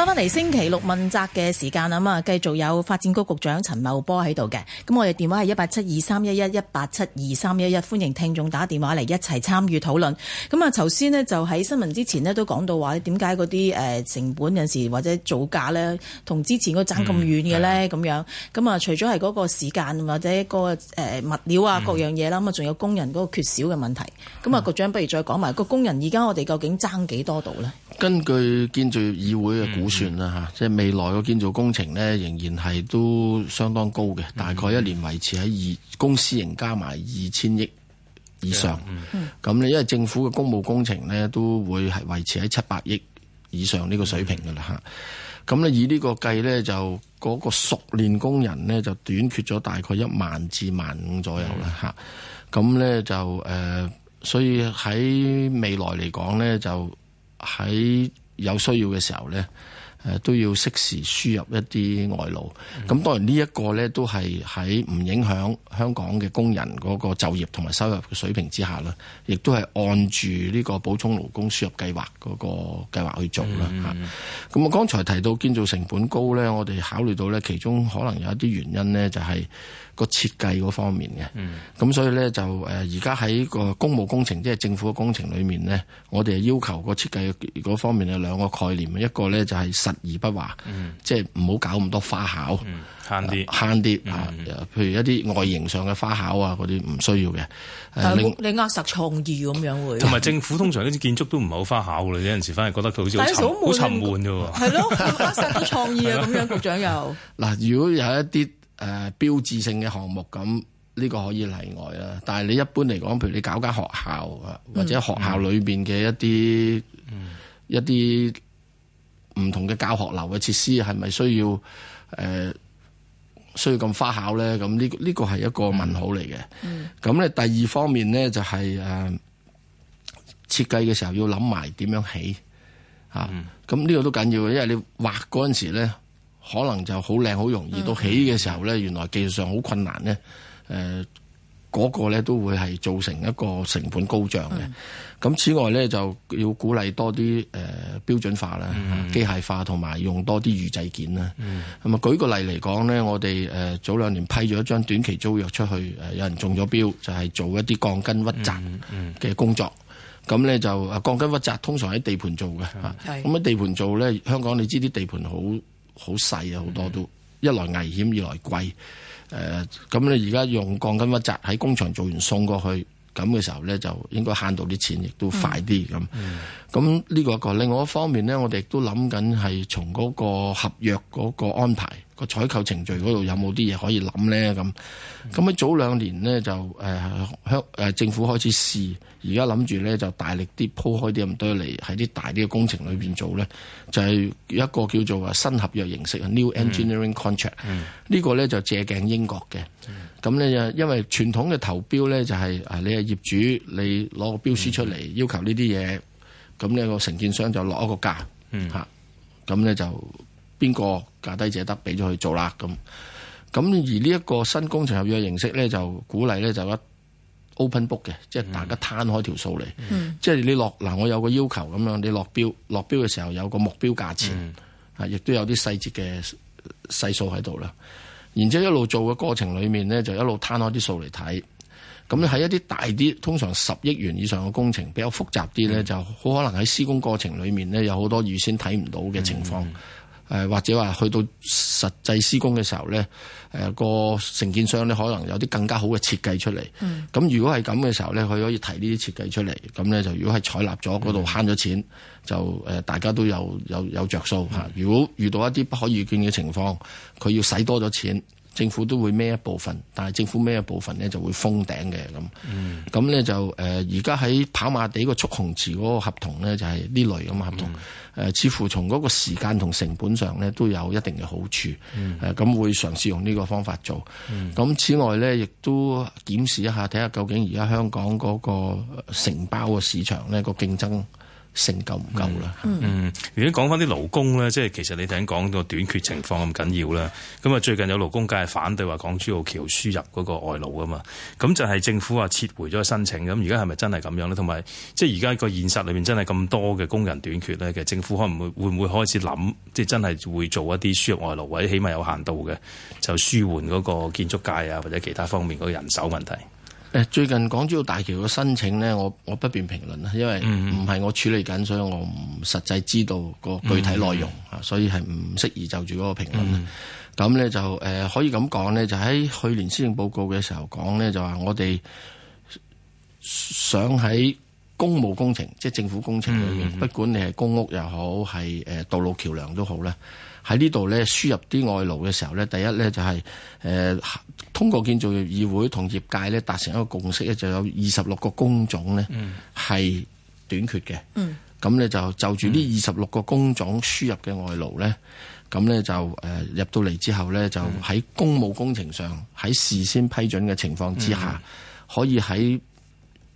翻返嚟星期六問責嘅時間啊，繼續有發展局局長陳茂波喺度嘅。咁我哋電話係一八七二三一一一八七二三一一，歡迎聽眾打電話嚟一齊參與討論。咁啊，頭先呢就喺新聞之前呢都講到話點解嗰啲誒成本有時或者造價呢同之前個爭咁遠嘅呢。咁、嗯、樣？咁啊，除咗係嗰個時間或者個誒物料啊、嗯、各樣嘢啦，咁啊，仲有工人嗰個缺少嘅問題。咁、嗯、啊，局長不如再講埋個工人，而家我哋究竟爭幾多度呢？根據建造議會嘅估算啦，吓、嗯，即係未來嘅建造工程咧，仍然係都相當高嘅、嗯，大概一年維持喺二、嗯、公私營加埋二千億以上。咁、嗯、咧、嗯，因為政府嘅公務工程咧，都會係維持喺七百億以上呢個水平噶啦吓。咁、嗯、咧以呢個計呢，就、那、嗰個熟練工人呢，就短缺咗大概一萬至萬五左右啦吓。咁、嗯、呢就誒，所以喺未來嚟講呢，就。喺有需要嘅時候呢，都要適時輸入一啲外勞。咁當然呢一個呢，都係喺唔影響香港嘅工人嗰個就業同埋收入嘅水平之下呢，亦都係按住呢個補充勞工輸入計劃嗰個計劃去做啦，吓。咁我剛才提到建造成本高呢，我哋考慮到呢，其中可能有一啲原因呢，就係、是。個設計嗰方面嘅，咁、嗯、所以咧就誒，而家喺個公務工程，即係政府嘅工程裏面呢，我哋係要求個設計嗰方面有兩個概念，一個呢，就係實而不華，嗯，即係唔好搞咁多花巧，慳啲慳啲，譬如一啲外形上嘅花巧啊，嗰啲唔需要嘅，啊。但係你你扼實創意咁樣會，同埋政府通常呢啲建築都唔係好花巧嘅， 有陣時反而覺得佢好似好沉好沉悶啫。係咯，扼 實啲創意啊，咁樣局長又嗱，如果有一啲。誒、呃、標誌性嘅項目，咁呢個可以例外啦，但係你一般嚟講，譬如你搞間學校啊、嗯，或者學校裏面嘅一啲、嗯、一啲唔同嘅教學樓嘅設施，係咪需要、呃、需要咁花巧咧？咁呢呢個係、這個、一個問號嚟嘅。咁、嗯、咧、嗯、第二方面咧就係、是、誒、呃、設計嘅時候要諗埋點樣起嚇，咁、嗯、呢、啊、個都緊要，因為你畫嗰陣時咧。可能就好靚，好容易到起嘅時候呢，原來技術上好困難，呃那個、呢。誒，嗰個呢都會係造成一個成本高漲嘅。咁、嗯、此外呢，就要鼓勵多啲誒、呃、標準化啦、機、嗯、啊、械化同埋用多啲預製件啦。咁、嗯、啊，舉個例嚟講呢，我哋誒、呃、早兩年批咗一張短期租約出去，誒、呃，有人中咗標，就係、是、做一啲鋼筋屈紮嘅工作。咁、嗯嗯、呢，就鋼筋屈紮通常喺地盤做嘅，咁喺、啊、地盤做呢，香港你知啲地盤好。好細啊！好多都一來危險，二來貴誒、呃，咁你而家用鋼筋一紮喺工場做完送過去，咁嘅時候咧就應該慳到啲錢，亦都快啲咁。咁、嗯、呢個個，另外一方面咧，我哋亦都諗緊係從嗰個合約嗰個安排、嗰個採購程序嗰度有冇啲嘢，可以諗咧？咁咁喺早兩年咧就誒，香、呃、誒政府開始試。而家諗住咧就大力啲鋪開啲咁多嚟喺啲大啲嘅工程裏面做咧，就係、是、一個叫做新合約形式啊，New Engineering Contract、嗯。呢、嗯這個咧就借鏡英國嘅。咁咧就因為傳統嘅投標咧就係、是、你係業主，你攞個標書出嚟要求呢啲嘢，咁、那、呢個承建商就落一個價，嚇、嗯。咁、啊、咧就邊個價低者得，俾咗佢做啦。咁咁而呢一個新工程合約形式咧就鼓勵咧就一。Open book 嘅，即係大家攤開條數嚟，嗯，即係你落嗱，我有個要求咁樣，你落標落標嘅時候有個目標價錢，啊、嗯，亦都有啲細節嘅細數喺度啦。然之後一路做嘅過程裏面呢，就一路攤開啲數嚟睇。咁你喺一啲大啲，通常十億元以上嘅工程比較複雜啲呢，嗯，就好可能喺施工過程裏面呢，有好多預先睇唔到嘅情況。嗯嗯誒或者話去到實際施工嘅時候呢誒個承建商呢可能有啲更加好嘅設計出嚟。咁、嗯、如果係咁嘅時候呢佢可以提呢啲設計出嚟。咁呢、嗯，就如果係採納咗嗰度慳咗錢，就誒大家都有有有着數嚇、嗯。如果遇到一啲不可預見嘅情況，佢要使多咗錢。政府都會孭一部分，但係政府孭一部分咧就會封頂嘅咁。咁、嗯、咧就誒，而家喺跑馬地個蓄洪池嗰個合同呢，就係呢類咁嘅合同。誒、嗯呃，似乎從嗰個時間同成本上呢，都有一定嘅好處。誒、嗯，咁、呃、會嘗試用呢個方法做。咁、嗯、此外呢，亦都檢視一下，睇下究竟而家香港嗰個承包嘅市場呢、個競爭。成夠唔夠啦。嗯，如果講翻啲勞工咧，即係其實你頭先講個短缺情況咁緊要啦。咁啊，最近有勞工界反對話港珠澳橋輸入嗰個外勞啊嘛。咁就係、是、政府話撤回咗申請咁，而家係咪真係咁樣咧？同埋即係而家個現實裏面真係咁多嘅工人短缺咧，其實政府可能會會唔會開始諗，即係真係會做一啲輸入外勞或者起碼有限度嘅，就舒緩嗰個建築界啊或者其他方面嗰個人手問題。誒，最近港珠澳大橋嘅申請呢，我我不便評論啦，因為唔係我處理緊，所以我唔實際知道個具體內容啊，所以係唔適宜就住嗰個評論。咁，嗯，呢就誒，可以咁講呢就喺去年施政報告嘅時候講呢就話我哋想喺工務工程，即係政府工程裏面，嗯嗯不管你係公屋又好，係誒道路橋樑都好咧。喺呢度咧輸入啲外勞嘅時候咧，第一咧就係、是呃、通過建造業議會同業界咧達成一個共識咧，就有二十六個工種咧係短缺嘅。咁、嗯、咧就就住呢二十六個工種輸入嘅外勞咧，咁、嗯、咧就、呃、入到嚟之後咧，就喺工務工程上喺事先批准嘅情況之下，嗯、可以喺，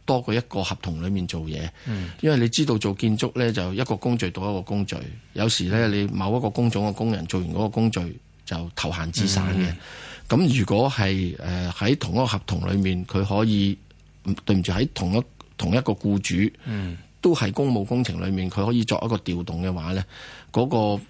多過一個合同裏面做嘢，因為你知道做建築呢，就一個工序到一個工序，有時呢，你某一個工種嘅工人做完嗰個工序就投閒置散嘅。咁、嗯、如果係誒喺同一個合同裏面，佢可以對唔住喺同一同一個僱主，都係工務工程裏面，佢可以作一個調動嘅話呢，嗰、嗰個。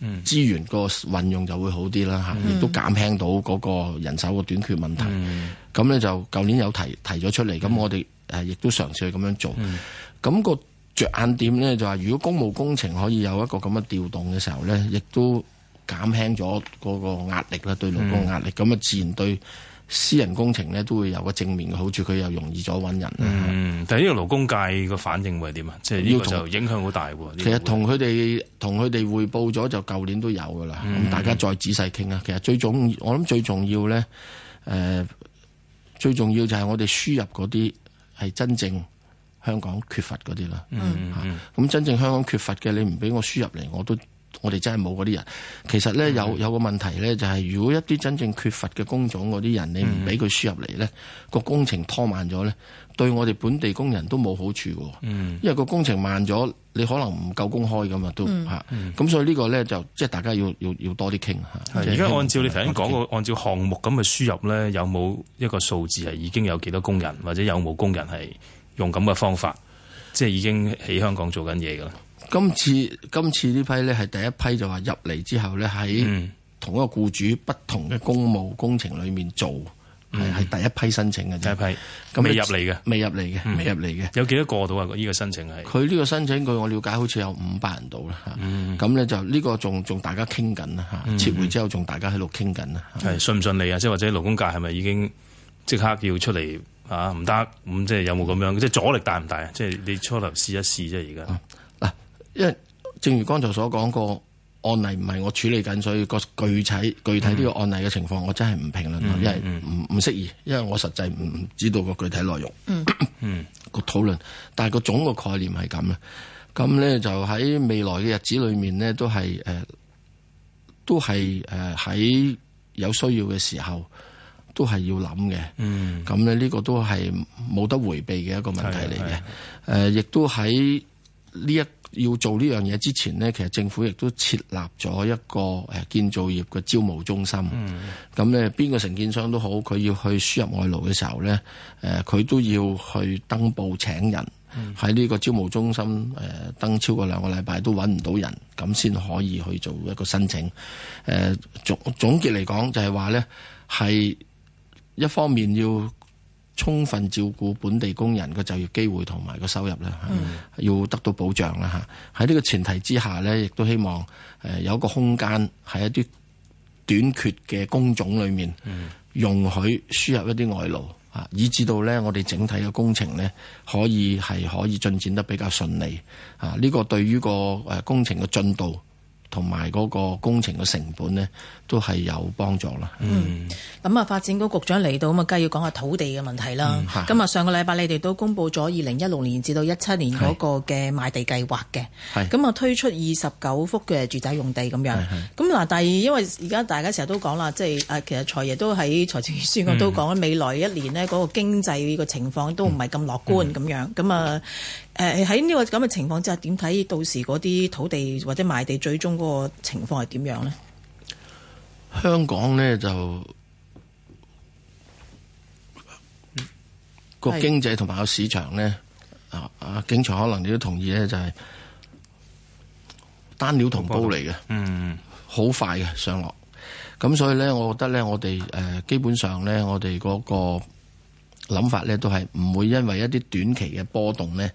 嗯、資源個運用就會好啲啦，嚇、嗯，亦都減輕到嗰個人手個短缺問題。咁、嗯、咧就舊年有提提咗出嚟，咁、嗯、我哋誒亦都嘗試去咁樣做。咁、嗯、那個着眼點咧就話，如果工務工程可以有一個咁嘅調動嘅時候咧，亦都減輕咗嗰個壓力啦，對勞工壓力。咁、嗯、啊，自然對。私人工程咧都會有個正面嘅好處，佢又容易咗揾人，嗯，但呢個勞工界個反應會係點啊？即係呢、呢個就影響好大喎。其實同佢哋同佢哋匯報咗就舊年都有噶啦。咁、嗯嗯、大家再仔細傾啊。其實最重我諗最重要咧、呃，最重要就係我哋輸入嗰啲係真正香港缺乏嗰啲啦。嗯咁、嗯嗯嗯嗯、真正香港缺乏嘅，你唔俾我輸入嚟，我都。我哋真係冇嗰啲人，其實咧有有個問題咧，就係、是、如果一啲真正缺乏嘅工種嗰啲人，你唔俾佢輸入嚟咧，個、嗯、工程拖慢咗咧，對我哋本地工人都冇好處喎。嗯，因為個工程慢咗，你可能唔夠工開噶嘛都吓，咁、嗯嗯、所以個呢個咧就即、是、係大家要要要多啲傾吓。而家按照你頭先講過按照項目咁嘅輸入咧，有冇一個數字係已經有幾多工人或者有冇工人係用咁嘅方法，即係已經喺香港做緊嘢噶啦？今次今次批呢批咧，係第一批就話入嚟之後咧，喺同一個僱主不同嘅公務工程裏面做，係、嗯、係第一批申請嘅啫。第一批咁未入嚟嘅，未、嗯、入嚟嘅，未、嗯、入嚟嘅。有幾多個到啊？呢、這個申請係佢呢個申請，據我了解，好似有五百人到啦。咁、嗯、咧就呢個仲仲大家傾緊啦，吓、嗯，撤回之後仲大家喺度傾緊啦。係、嗯、順唔順利啊？即係或者勞工界係咪已經即刻要出嚟啊？唔得咁，即係有冇咁樣？即係阻力大唔大？即係你初頭試一試啫，而、嗯、家。因為正如剛才所講過，案例唔係我處理緊，所以個具體具體呢個案例嘅情況、嗯，我真係唔評論，因為唔唔適宜，因為我實際唔唔知道個具體內容。個討論，但係個總個概念係咁嘅。咁、嗯、咧就喺未來嘅日子裏面呢都係誒，都係誒喺有需要嘅時候，都係要諗嘅。嗯，咁咧呢、呢個都係冇得回避嘅一個問題嚟嘅。誒，亦、呃、都喺呢一。要做呢樣嘢之前呢，其實政府亦都設立咗一個誒建造業嘅招募中心。嗯，咁呢邊個承建商，都好，佢要去輸入外勞嘅時候呢，誒，佢都要去登報請人，喺呢個招募中心誒登超過兩個禮拜都揾唔到人，咁先可以去做一個申請。誒，總，總結嚟講就係話呢，係一方面要。充分照顧本地工人嘅就業機會同埋個收入咧，要得到保障啦嚇。喺呢個前提之下呢，亦都希望誒有個空間喺一啲短缺嘅工種裏面，容許輸入一啲外勞啊，以至到呢我哋整體嘅工程呢可以係可以進展得比較順利啊。呢、這個對於個誒工程嘅進度。同埋嗰個工程嘅成本呢，都係有幫助啦。嗯，咁啊，發展局局長嚟到咁啊，梗係要講下土地嘅問題啦。咁、嗯、啊，上個禮拜你哋都公布咗二零一六年至到一七年嗰個嘅賣地計劃嘅。咁啊，推出二十九幅嘅住宅用地咁樣。咁嗱，第二，因為而家大家成日都講啦，即係其實財爺都喺財政預算案都講啦，嗯、未來一年呢，嗰、嗰個經濟個情況都唔係咁樂觀咁、嗯嗯、樣。咁啊。誒喺呢個咁嘅情況之下，點睇到時嗰啲土地或者賣地最終嗰個情況係點樣呢？香港呢就個經濟同埋個市場呢，啊啊！景祥可能你都同意呢，就係、是、單料銅煲嚟嘅，嗯，很快的，好快嘅上落。咁所以呢，我覺得呢，我哋誒、呃、基本上呢，我哋嗰個諗法呢，都係唔會因為一啲短期嘅波動呢。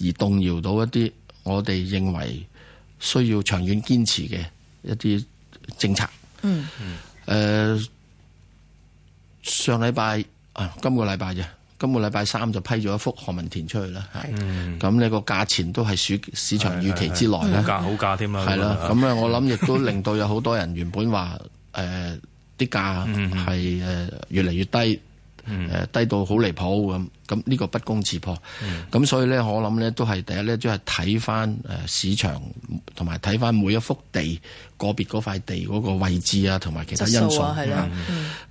而動搖到一啲我哋認為需要長遠堅持嘅一啲政策。嗯。誒、呃，上禮拜啊，今個禮拜啫，今個禮拜三就批咗一幅何文田出去啦。咁、嗯嗯、你個價錢都係市市場預期之內啦。好價，好價添啦，係啦，咁啊，我諗亦都令到有好多人原本話，誒啲價係誒越嚟越低。那個誒，低到好離譜咁，咁呢個不攻自破。咁、嗯、所以呢，我諗呢都係第一呢都係睇翻誒市場，同埋睇翻每一幅地個別嗰塊地嗰個位置啊，同埋其他因素係啦。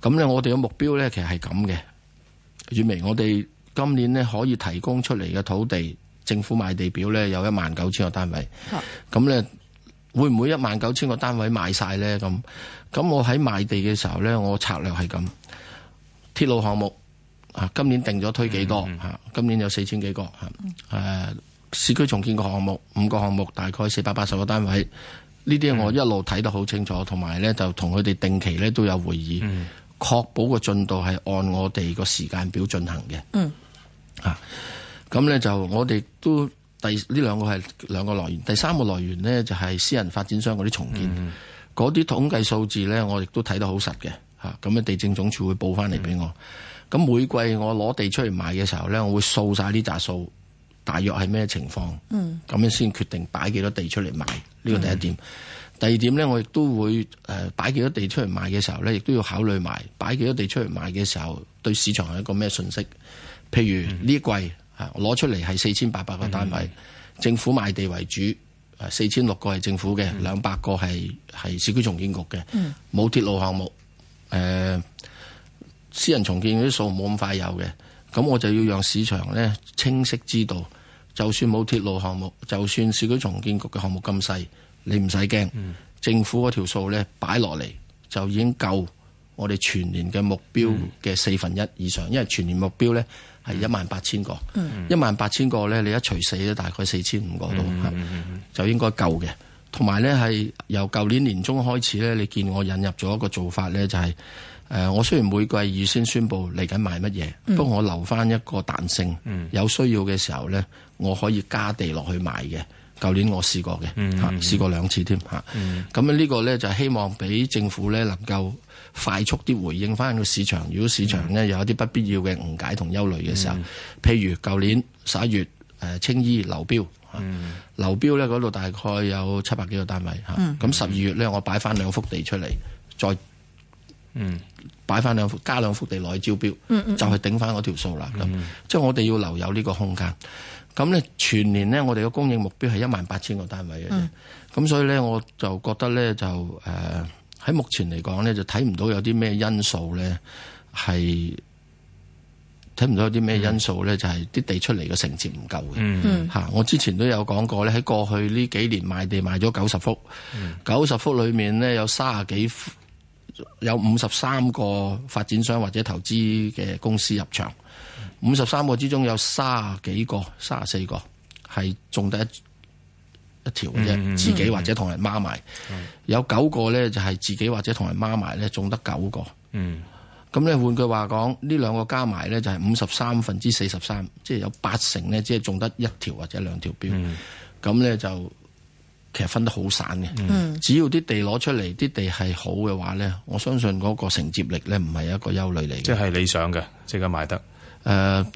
咁咧、啊嗯，我哋嘅目標呢，其實係咁嘅。舉例，我哋今年呢可以提供出嚟嘅土地，政府賣地表呢，有一萬九千個單位。咁、啊、呢，會唔會一萬九千個單位賣晒呢？咁咁我喺賣地嘅時候呢，我策略係咁。鐵路項目啊，今年定咗推幾多？吓、mm -hmm.，今年有四千幾個。吓，誒，市區重建個項目五個項目，大概四百八十個單位。呢、mm、啲 -hmm. 我一路睇得好清楚，同埋呢就同佢哋定期呢都有會議，確、mm -hmm. 保個進度係按我哋個時間表進行嘅。嗯、mm -hmm. 啊，吓，咁就我哋都第呢兩個係兩個來源，第三個來源呢，就係、是、私人發展商嗰啲重建，嗰、mm、啲 -hmm. 統計數字呢，我亦都睇得好實嘅。咁樣地政總署會報翻嚟俾我。咁、嗯、每季我攞地出嚟賣嘅時候呢，我會掃晒呢紮數，大約係咩情況。咁、嗯、樣先決定擺幾多地出嚟賣。呢、這個第一點。嗯、第二點呢，我亦都會誒擺幾多地出嚟賣嘅時候呢，亦都要考慮埋擺幾多地出嚟賣嘅時候對市場係一個咩信息。譬如呢一季攞、嗯啊、出嚟係四千八百個單位、嗯，政府賣地為主，四千六個係政府嘅，兩、嗯、百個係係市區重建局嘅，冇、嗯、鐵路項目。誒、呃，私人重建嗰啲數冇咁快有嘅，咁我就要讓市場呢清晰知道，就算冇鐵路項目，就算市區重建局嘅項目咁細，你唔使驚，政府嗰條數呢擺落嚟就已經夠我哋全年嘅目標嘅四分一以上、嗯，因為全年目標呢係一萬八千個，一萬八千個呢，你一除四呢大概四千五個都、嗯，就應該夠嘅。同埋呢係由舊年年中開始呢，你見我引入咗一個做法呢，就係、是、誒、呃，我雖然每季預先宣布嚟緊賣乜嘢，不過我留翻一個彈性，嗯、有需要嘅時候呢，我可以加地落去賣嘅。舊年我試過嘅，嚇、嗯啊、試過兩次添嚇。咁啊，呢、嗯、個呢，就係、希望俾政府呢能夠快速啲回應翻個市場。如果市場呢、嗯、有一啲不必要嘅誤解同憂慮嘅時候，嗯、譬如舊年十一月誒青、呃、衣流標。嗯，樓標咧嗰度大概有七百幾個單位吓，咁十二月咧我擺翻兩幅地出嚟，再嗯擺翻兩幅加兩幅地落去招標，嗯嗯、就係頂翻嗰條數啦。咁即係我哋要留有呢個空間。咁咧全年咧我哋嘅供應目標係一萬八千個單位嘅，咁、嗯、所以咧我就覺得咧就誒喺、呃、目前嚟講咧就睇唔到有啲咩因素咧係。睇唔到有啲咩因素咧、嗯，就係、是、啲地出嚟嘅承接唔夠嘅。我之前都有講過咧，喺過去呢幾年賣地賣咗九十幅，九、嗯、十幅裏面咧有卅幾，有五十三個發展商或者投資嘅公司入場，五十三個之中有卅幾個、卅四個係中得一條嘅啫、嗯，自己或者同人孖埋、嗯，有九個咧就係自己或者同人孖埋咧中得九個。嗯嗯咁咧換句話講，呢兩個加埋咧就係五十三分之四十三，即係有八成咧，即係中得一條或者兩條標。咁、嗯、咧就其實分得好散嘅、嗯。只要啲地攞出嚟，啲地係好嘅話咧，我相信嗰個承接力咧唔係一個憂慮嚟嘅，即係理想嘅，即刻買得。呃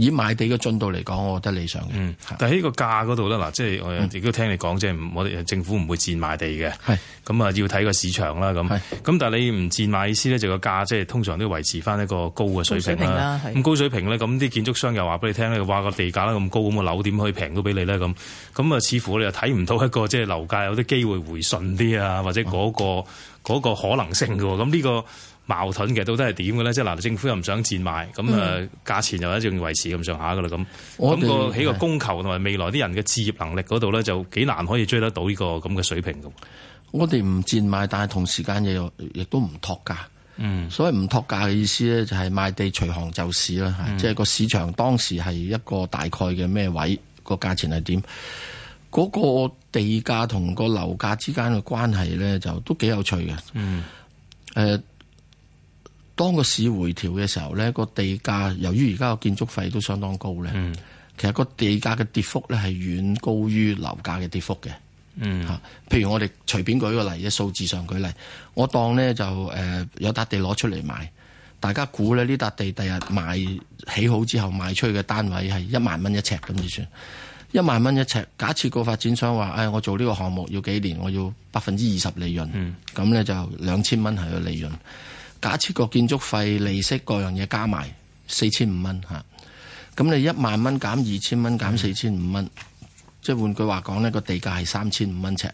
以賣地嘅進度嚟講，我覺得理想嘅。嗯，但喺呢個價嗰度咧，嗱，即係我亦都聽你講，即係我哋政府唔會賤賣地嘅。係。咁啊，要睇個市場啦。咁。咁但係你唔賤賣意思咧，就個價即係通常都維持翻一個高嘅水平啦。係。咁高水平咧，咁啲建築商又話俾你聽咧，哇個地價咧咁高，咁個樓點可以平到俾你咧？咁。咁啊，似乎你又睇唔到一個即係樓價有啲機會回順啲啊，或者嗰個哦嗰個可能性嘅。咁呢個矛盾嘅到底係點嘅咧？即係嗱，政府又唔想賤賣，咁誒價錢又一定要維持咁上下嘅啦。咁、嗯、咁、那個個起個供求同埋未來啲人嘅置業能力嗰度咧，就幾難可以追得到呢個咁嘅水平嘅。我哋唔賤賣，但係同時間亦亦都唔托價，嗯，所謂唔托價嘅意思咧就係賣地隨行就市啦、嗯，即係個市場當時係一個大概嘅咩位個價錢係點嗰個地價同個樓價之間嘅關係咧，就都幾有趣嘅，嗯，誒、呃。當個市回調嘅時候，呢個地價由於而家個建築費都相當高呢、嗯、其實個地價嘅跌幅呢係遠高於樓價嘅跌幅嘅。嗯，吓，譬如我哋隨便舉個例嘅數字上舉例，我當呢就誒、呃、有笪地攞出嚟賣，大家估咧，呢笪地第日賣起好之後賣出去嘅單位係一萬蚊一尺咁就算，萬元一萬蚊一尺。假設個發展商話，誒、哎、我做呢個項目要幾年，我要百分之二十利潤，咁、嗯、呢就兩千蚊係個利潤。假設個建築費、利息各樣嘢，加埋四千五蚊吓，咁你一萬蚊減二千蚊減四千五蚊，即係換句話講，呢個地價係三千五蚊尺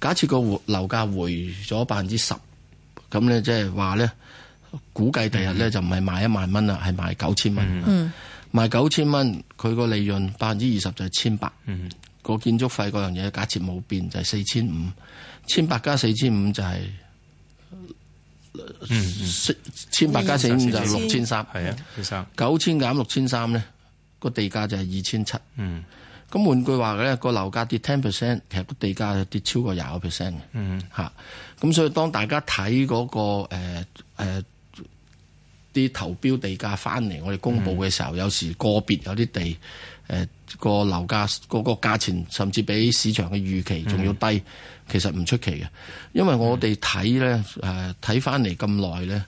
假設個樓價回咗百分之十，咁你即係話呢，估計第日呢就唔係賣一萬蚊啦，係賣九千蚊。嗯，賣九千蚊，佢個利潤百分之二十就係千八。嗯，個建築費各樣嘢假設冇變就係四千五，千八加四千五就係、是。嗯，嗯，千百加四五就 6, 四千千、啊、四千六千三，係啊，九千減六千三咧，個地價就係二千七。嗯，咁換句話咧，個樓價跌 ten percent，其實個地價跌超過廿個 percent 嘅。嗯，吓、啊，咁所以當大家睇嗰、那個誒誒啲投標地價返嚟，我哋公布嘅時候、嗯，有時個別有啲地誒個樓價嗰個價錢，甚至比市場嘅預期仲要低。嗯嗯其實唔出奇嘅，因為我哋睇咧誒，睇翻嚟咁耐咧，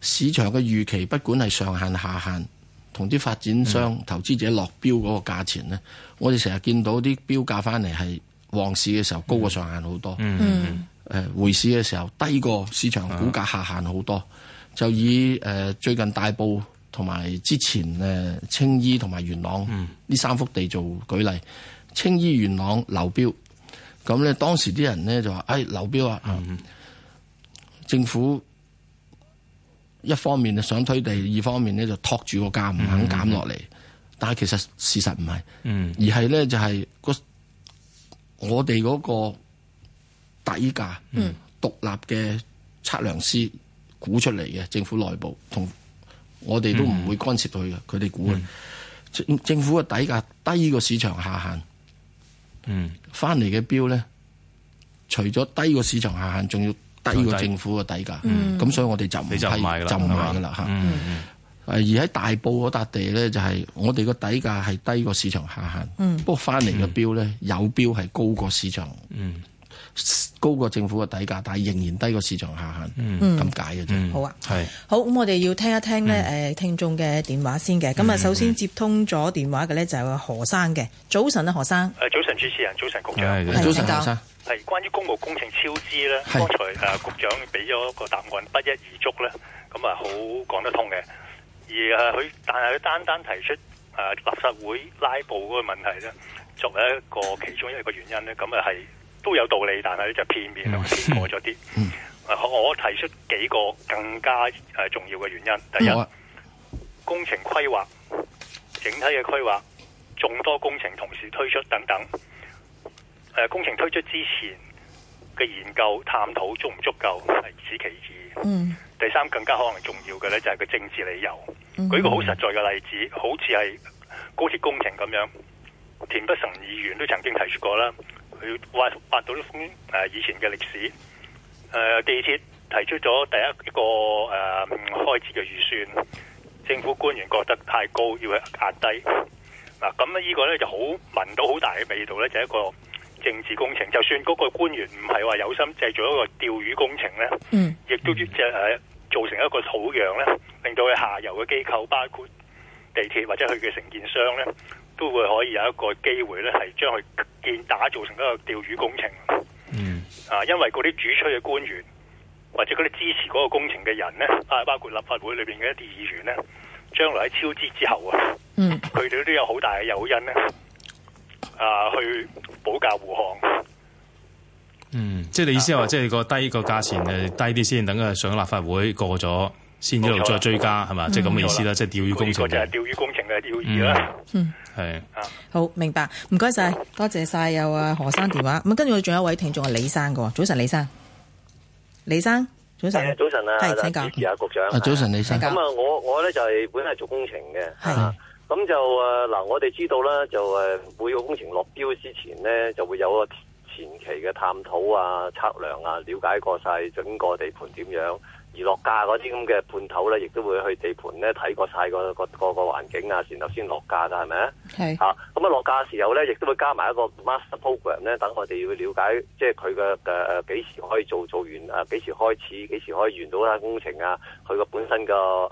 市場嘅預期，不管係上限下限，同啲發展商、嗯、投資者落標嗰個價錢咧，我哋成日見到啲標價翻嚟係旺市嘅時候高過上限好多，誒、嗯嗯，回市嘅時候低過市場股價下限好多。就以誒最近大埔同埋之前誒青衣同埋元朗呢三幅地做舉例，青衣元朗流標。咁咧，當時啲人咧就話，誒流標啊、嗯，政府一方面想推地，二方面咧就托住個價唔肯減落嚟、嗯。但係其實事實唔係、嗯，而係咧就係、是、個我哋嗰個底價，嗯、獨立嘅測量師估出嚟嘅，政府內部同我哋都唔會干涉佢嘅，佢、嗯、哋估政、嗯、政府嘅底價低過市場下限。嗯，翻嚟嘅標咧，除咗低過市場下限，仲要低過政府嘅底價。嗯，咁所以我哋就唔批，就唔買啦吓。嗯嗯，而喺大埔嗰笪地咧，就係、是、我哋個底價係低過市場下限。不過翻嚟嘅標咧，有標係高過市場。嗯。嗯高過政府嘅底價，但係仍然低過市場下限，咁解嘅啫。好啊，係好。咁我哋要聽一聽咧，誒，聽眾嘅電話先嘅。咁啊，首先接通咗電話嘅咧就係何生嘅。早晨啊，何生。誒，早晨，主持人，早晨，局長，早晨，何生。係關於工務工程超支咧，剛才誒局長俾咗個答案不一而足咧，咁啊好講得通嘅。而誒佢，但係佢單單提出誒立法會拉布嗰個問題咧，作為一個其中一個原因咧，咁啊係。都有道理，但係咧就片面就了一，偏過咗啲。我提出幾個更加誒、呃、重要嘅原因。第一，工程規劃整體嘅規劃，眾多工程同時推出等等。誒、呃，工程推出之前嘅研究探討足唔足夠，係此其二，嗯。第三，更加可能重要嘅呢，就係、是、個政治理由。嗯，舉個好實在嘅例子，好似係高鐵工程咁樣，田北辰議員都曾經提出過啦。佢挖挖到啲風誒以前嘅歷史，誒地鐵提出咗第一一個誒、呃、開支嘅預算，政府官員覺得太高，要壓低。嗱咁呢呢個咧就好聞到好大嘅味道咧，就係、是、一個政治工程。就算嗰個官員唔係話有心製造一個釣魚工程咧，亦、mm. 都即係、呃、造成一個土壤咧，令到佢下游嘅機構，包括地鐵或者佢嘅承建商咧。都會可以有一個機會咧，係將佢建打造成一個釣魚工程。嗯，啊，因為嗰啲主催嘅官員，或者嗰啲支持嗰個工程嘅人咧，啊，包括立法會裏邊嘅一啲議員咧，將來喺超支之後啊，嗯，佢哋都有好大嘅誘因咧，啊，去保駕護航。嗯，即係你意思話、啊，即係個低個價錢誒低啲先，等佢上立法會過咗。先一路再追加係嘛。嗯嗯，即係咁嘅意思啦，即係釣魚工程嘅。呢、嗯、就係、是、釣魚工程嘅釣魚啦。嗯，係。好，明白。唔該晒，多謝晒。又阿何生電話。咁跟住我仲有一位聽眾係李生嘅。早晨，李生。李生，早晨。早晨啊，係，請教。啊，局長。早晨，李生。咁啊，我我咧就係本身係做工程嘅。係。咁就誒嗱，我哋知道啦，就誒每個工程落標之前咧，就會有個前期嘅探討啊、測量啊，了解過晒整個地盤點樣。而落價嗰啲咁嘅判頭咧，亦都會去地盤咧睇過曬個個個環境、okay。啊，然後先落價噶係咪？係嚇，咁啊落價嘅時候咧，亦都會加埋一個 master program 咧，等我哋要了解，即係佢嘅誒幾時可以做做完啊？幾時開始？幾時可以完到啊工程啊？佢個本身個誒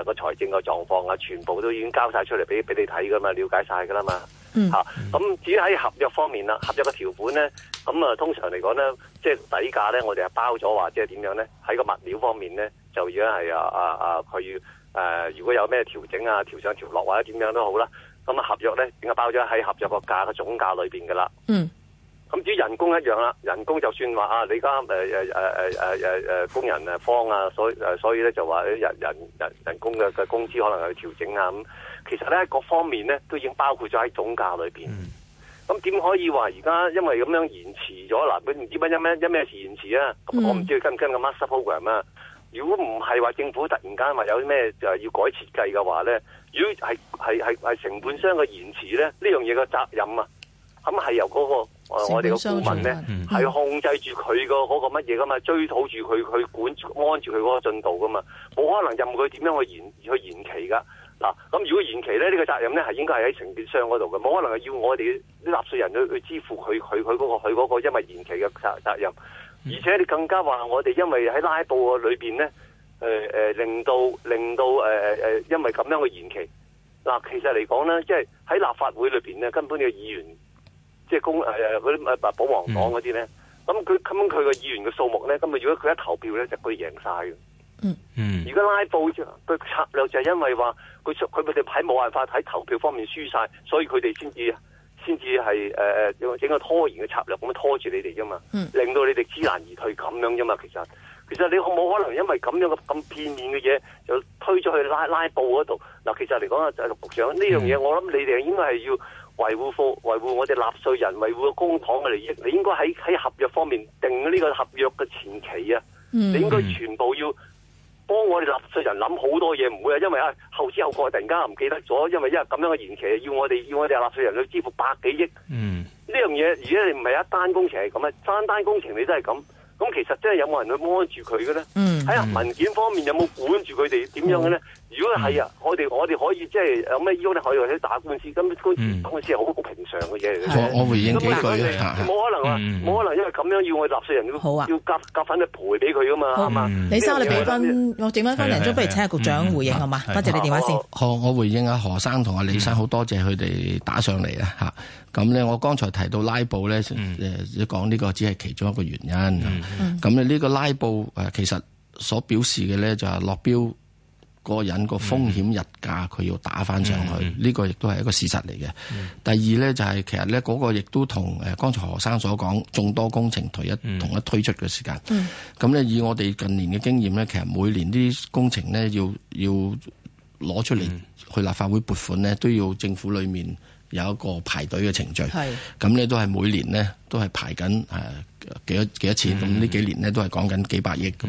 誒個財政個狀況啊，全部都已經交曬出嚟俾俾你睇噶嘛，瞭解曬㗎啦嘛。嗯吓，咁至於喺合約方面啦，合約嘅條款咧，咁啊通常嚟講咧，即係底價咧，我哋係包咗話，即係點樣咧？喺個物料方面咧，就如果係啊啊啊，佢、啊、誒、呃、如果有咩調整啊，調上調落或者點樣都好啦，咁啊合約咧點解包咗喺合約個價嘅總價裏面嘅啦？嗯，嗯。咁至於人工一樣啦，人工就算話啊，你、呃、家、呃呃呃、工人方慌啊，所以、呃、所以咧就話人人人工嘅嘅工資可能去調整啊咁。其實咧各方面咧都已經包括咗喺總價裏面。咁、嗯、點可以話而家因為咁樣延遲咗嗱？佢唔知乜因咩因咩事延遲啊？咁、嗯、我唔知佢跟唔跟個 master program 啊？如果唔係話政府突然間話有啲咩就係要改設計嘅話咧，如果係係係係成本商嘅延遲咧，呢樣嘢嘅責任啊，咁係由嗰、嗰個。啊、我哋個顧問咧係、嗯嗯、控制住佢個嗰個乜嘢噶嘛，追討住佢佢管按住佢嗰個進度噶嘛，冇可能任佢點樣去延去延期噶。嗱、啊，咁如果延期咧，呢、這個責任咧係應該係喺承建商嗰度嘅，冇可能係要我哋啲納稅人去去支付佢佢佢嗰個佢嗰個因為延期嘅責責任。嗯、而且你更加話我哋因為喺拉布啊裏邊咧，誒、呃、誒、呃、令到令到誒誒因為咁樣嘅延期。嗱、啊，其實嚟講咧，即係喺立法會裏邊咧，根本嘅議員。即係公誒嗰啲誒保皇黨嗰啲咧，咁佢咁佢個議員嘅數目咧，咁啊如果佢一投票咧，就佢贏晒嘅。嗯嗯，如果拉布佢策略就係因為話佢佢佢哋喺冇辦法喺投票方面輸晒，所以佢哋先至先至係誒整個拖延嘅策略，咁拖住你哋啫嘛。嗯，令到你哋知難而退咁樣啫嘛。其實其實你冇可能因為咁樣咁片面嘅嘢就推咗去拉拉布嗰度嗱。其實嚟講啊，陸、就是、局長呢、嗯、樣嘢，我諗你哋應該係要。維護服維護我哋納稅人維護個公帑嘅利益，你應該喺喺合約方面定呢個合約嘅前期啊、嗯，你應該全部要幫我哋納稅人諗好多嘢，唔會啊，因為啊後知後覺突然間唔記得咗，因為因為咁樣嘅延期，要我哋要我哋納稅人去支付百幾億，呢樣嘢如果你唔係一單工程係咁啊，單單工程你都係咁。咁、嗯嗯、其實真係有冇人去摸住佢嘅咧？喺、嗯嗯、文件方面有冇管住佢哋點樣嘅咧、嗯？如果係啊，我哋我哋可以即係有咩要求咧，就是、可以去打官司。咁官司係好平常嘅嘢、嗯、我，我回應幾句冇、嗯嗯、可能啊，冇可能因為咁樣要我納稅人要夾夾份嚟賠俾佢噶嘛？嗯、李生我哋俾翻我整翻翻零鐘不如請下局長回應好嘛？多謝，謝你電話先。好，我回應啊何生同阿李生，好多謝佢哋打上嚟啊嚇。咁咧我剛才提到拉布咧，誒講呢個只係其中一個原因。咁咧呢個拉布誒，其實所表示嘅咧就係落標個人個風險日價，佢、嗯、要打翻上去，呢、嗯，這個亦都係一個事實嚟嘅，嗯。第二咧就係、是、其實咧嗰個亦都同誒剛才何生所講眾多工程同一、嗯、同一推出嘅時間。咁、嗯、咧以我哋近年嘅經驗咧，其實每年啲工程咧要要攞出嚟去立法會撥款咧、嗯，都要政府裏面有一個排隊嘅程序。咁咧都係每年咧都係排緊誒。幾多幾多錢？咁、mm、呢 -hmm. 幾年咧都係講緊幾百億咁。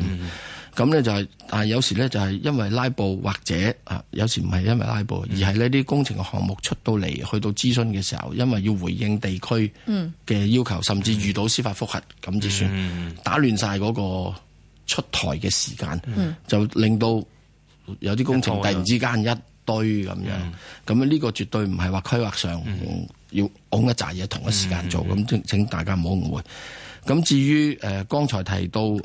咁咧就係，但係有時呢就係因為拉布或者啊，有時唔係因為拉布，是拉布 mm -hmm. 而係呢啲工程嘅項目出到嚟，去到諮詢嘅時候，因為要回應地區嘅要求，mm -hmm. 甚至遇到司法複核咁就算，mm -hmm. 打亂晒嗰個出台嘅時間，mm -hmm. 就令到有啲工程突然之間一堆咁樣。咁、mm、呢 -hmm. 呢個絕對唔係話規劃上、mm -hmm. 要拱一扎嘢同一時間做，咁、mm、請 -hmm. 請大家唔好誤會。咁至於誒，剛才提到誒，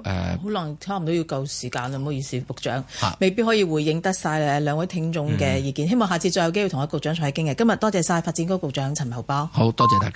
可能差唔多要夠時間啦，唔好意思，局長、啊、未必可以回應得曬誒兩位聽眾嘅意見，嗯、希望下次再有機會同阿局長再傾嘅。今日多謝晒發展局局長陳茂波，好多謝大家。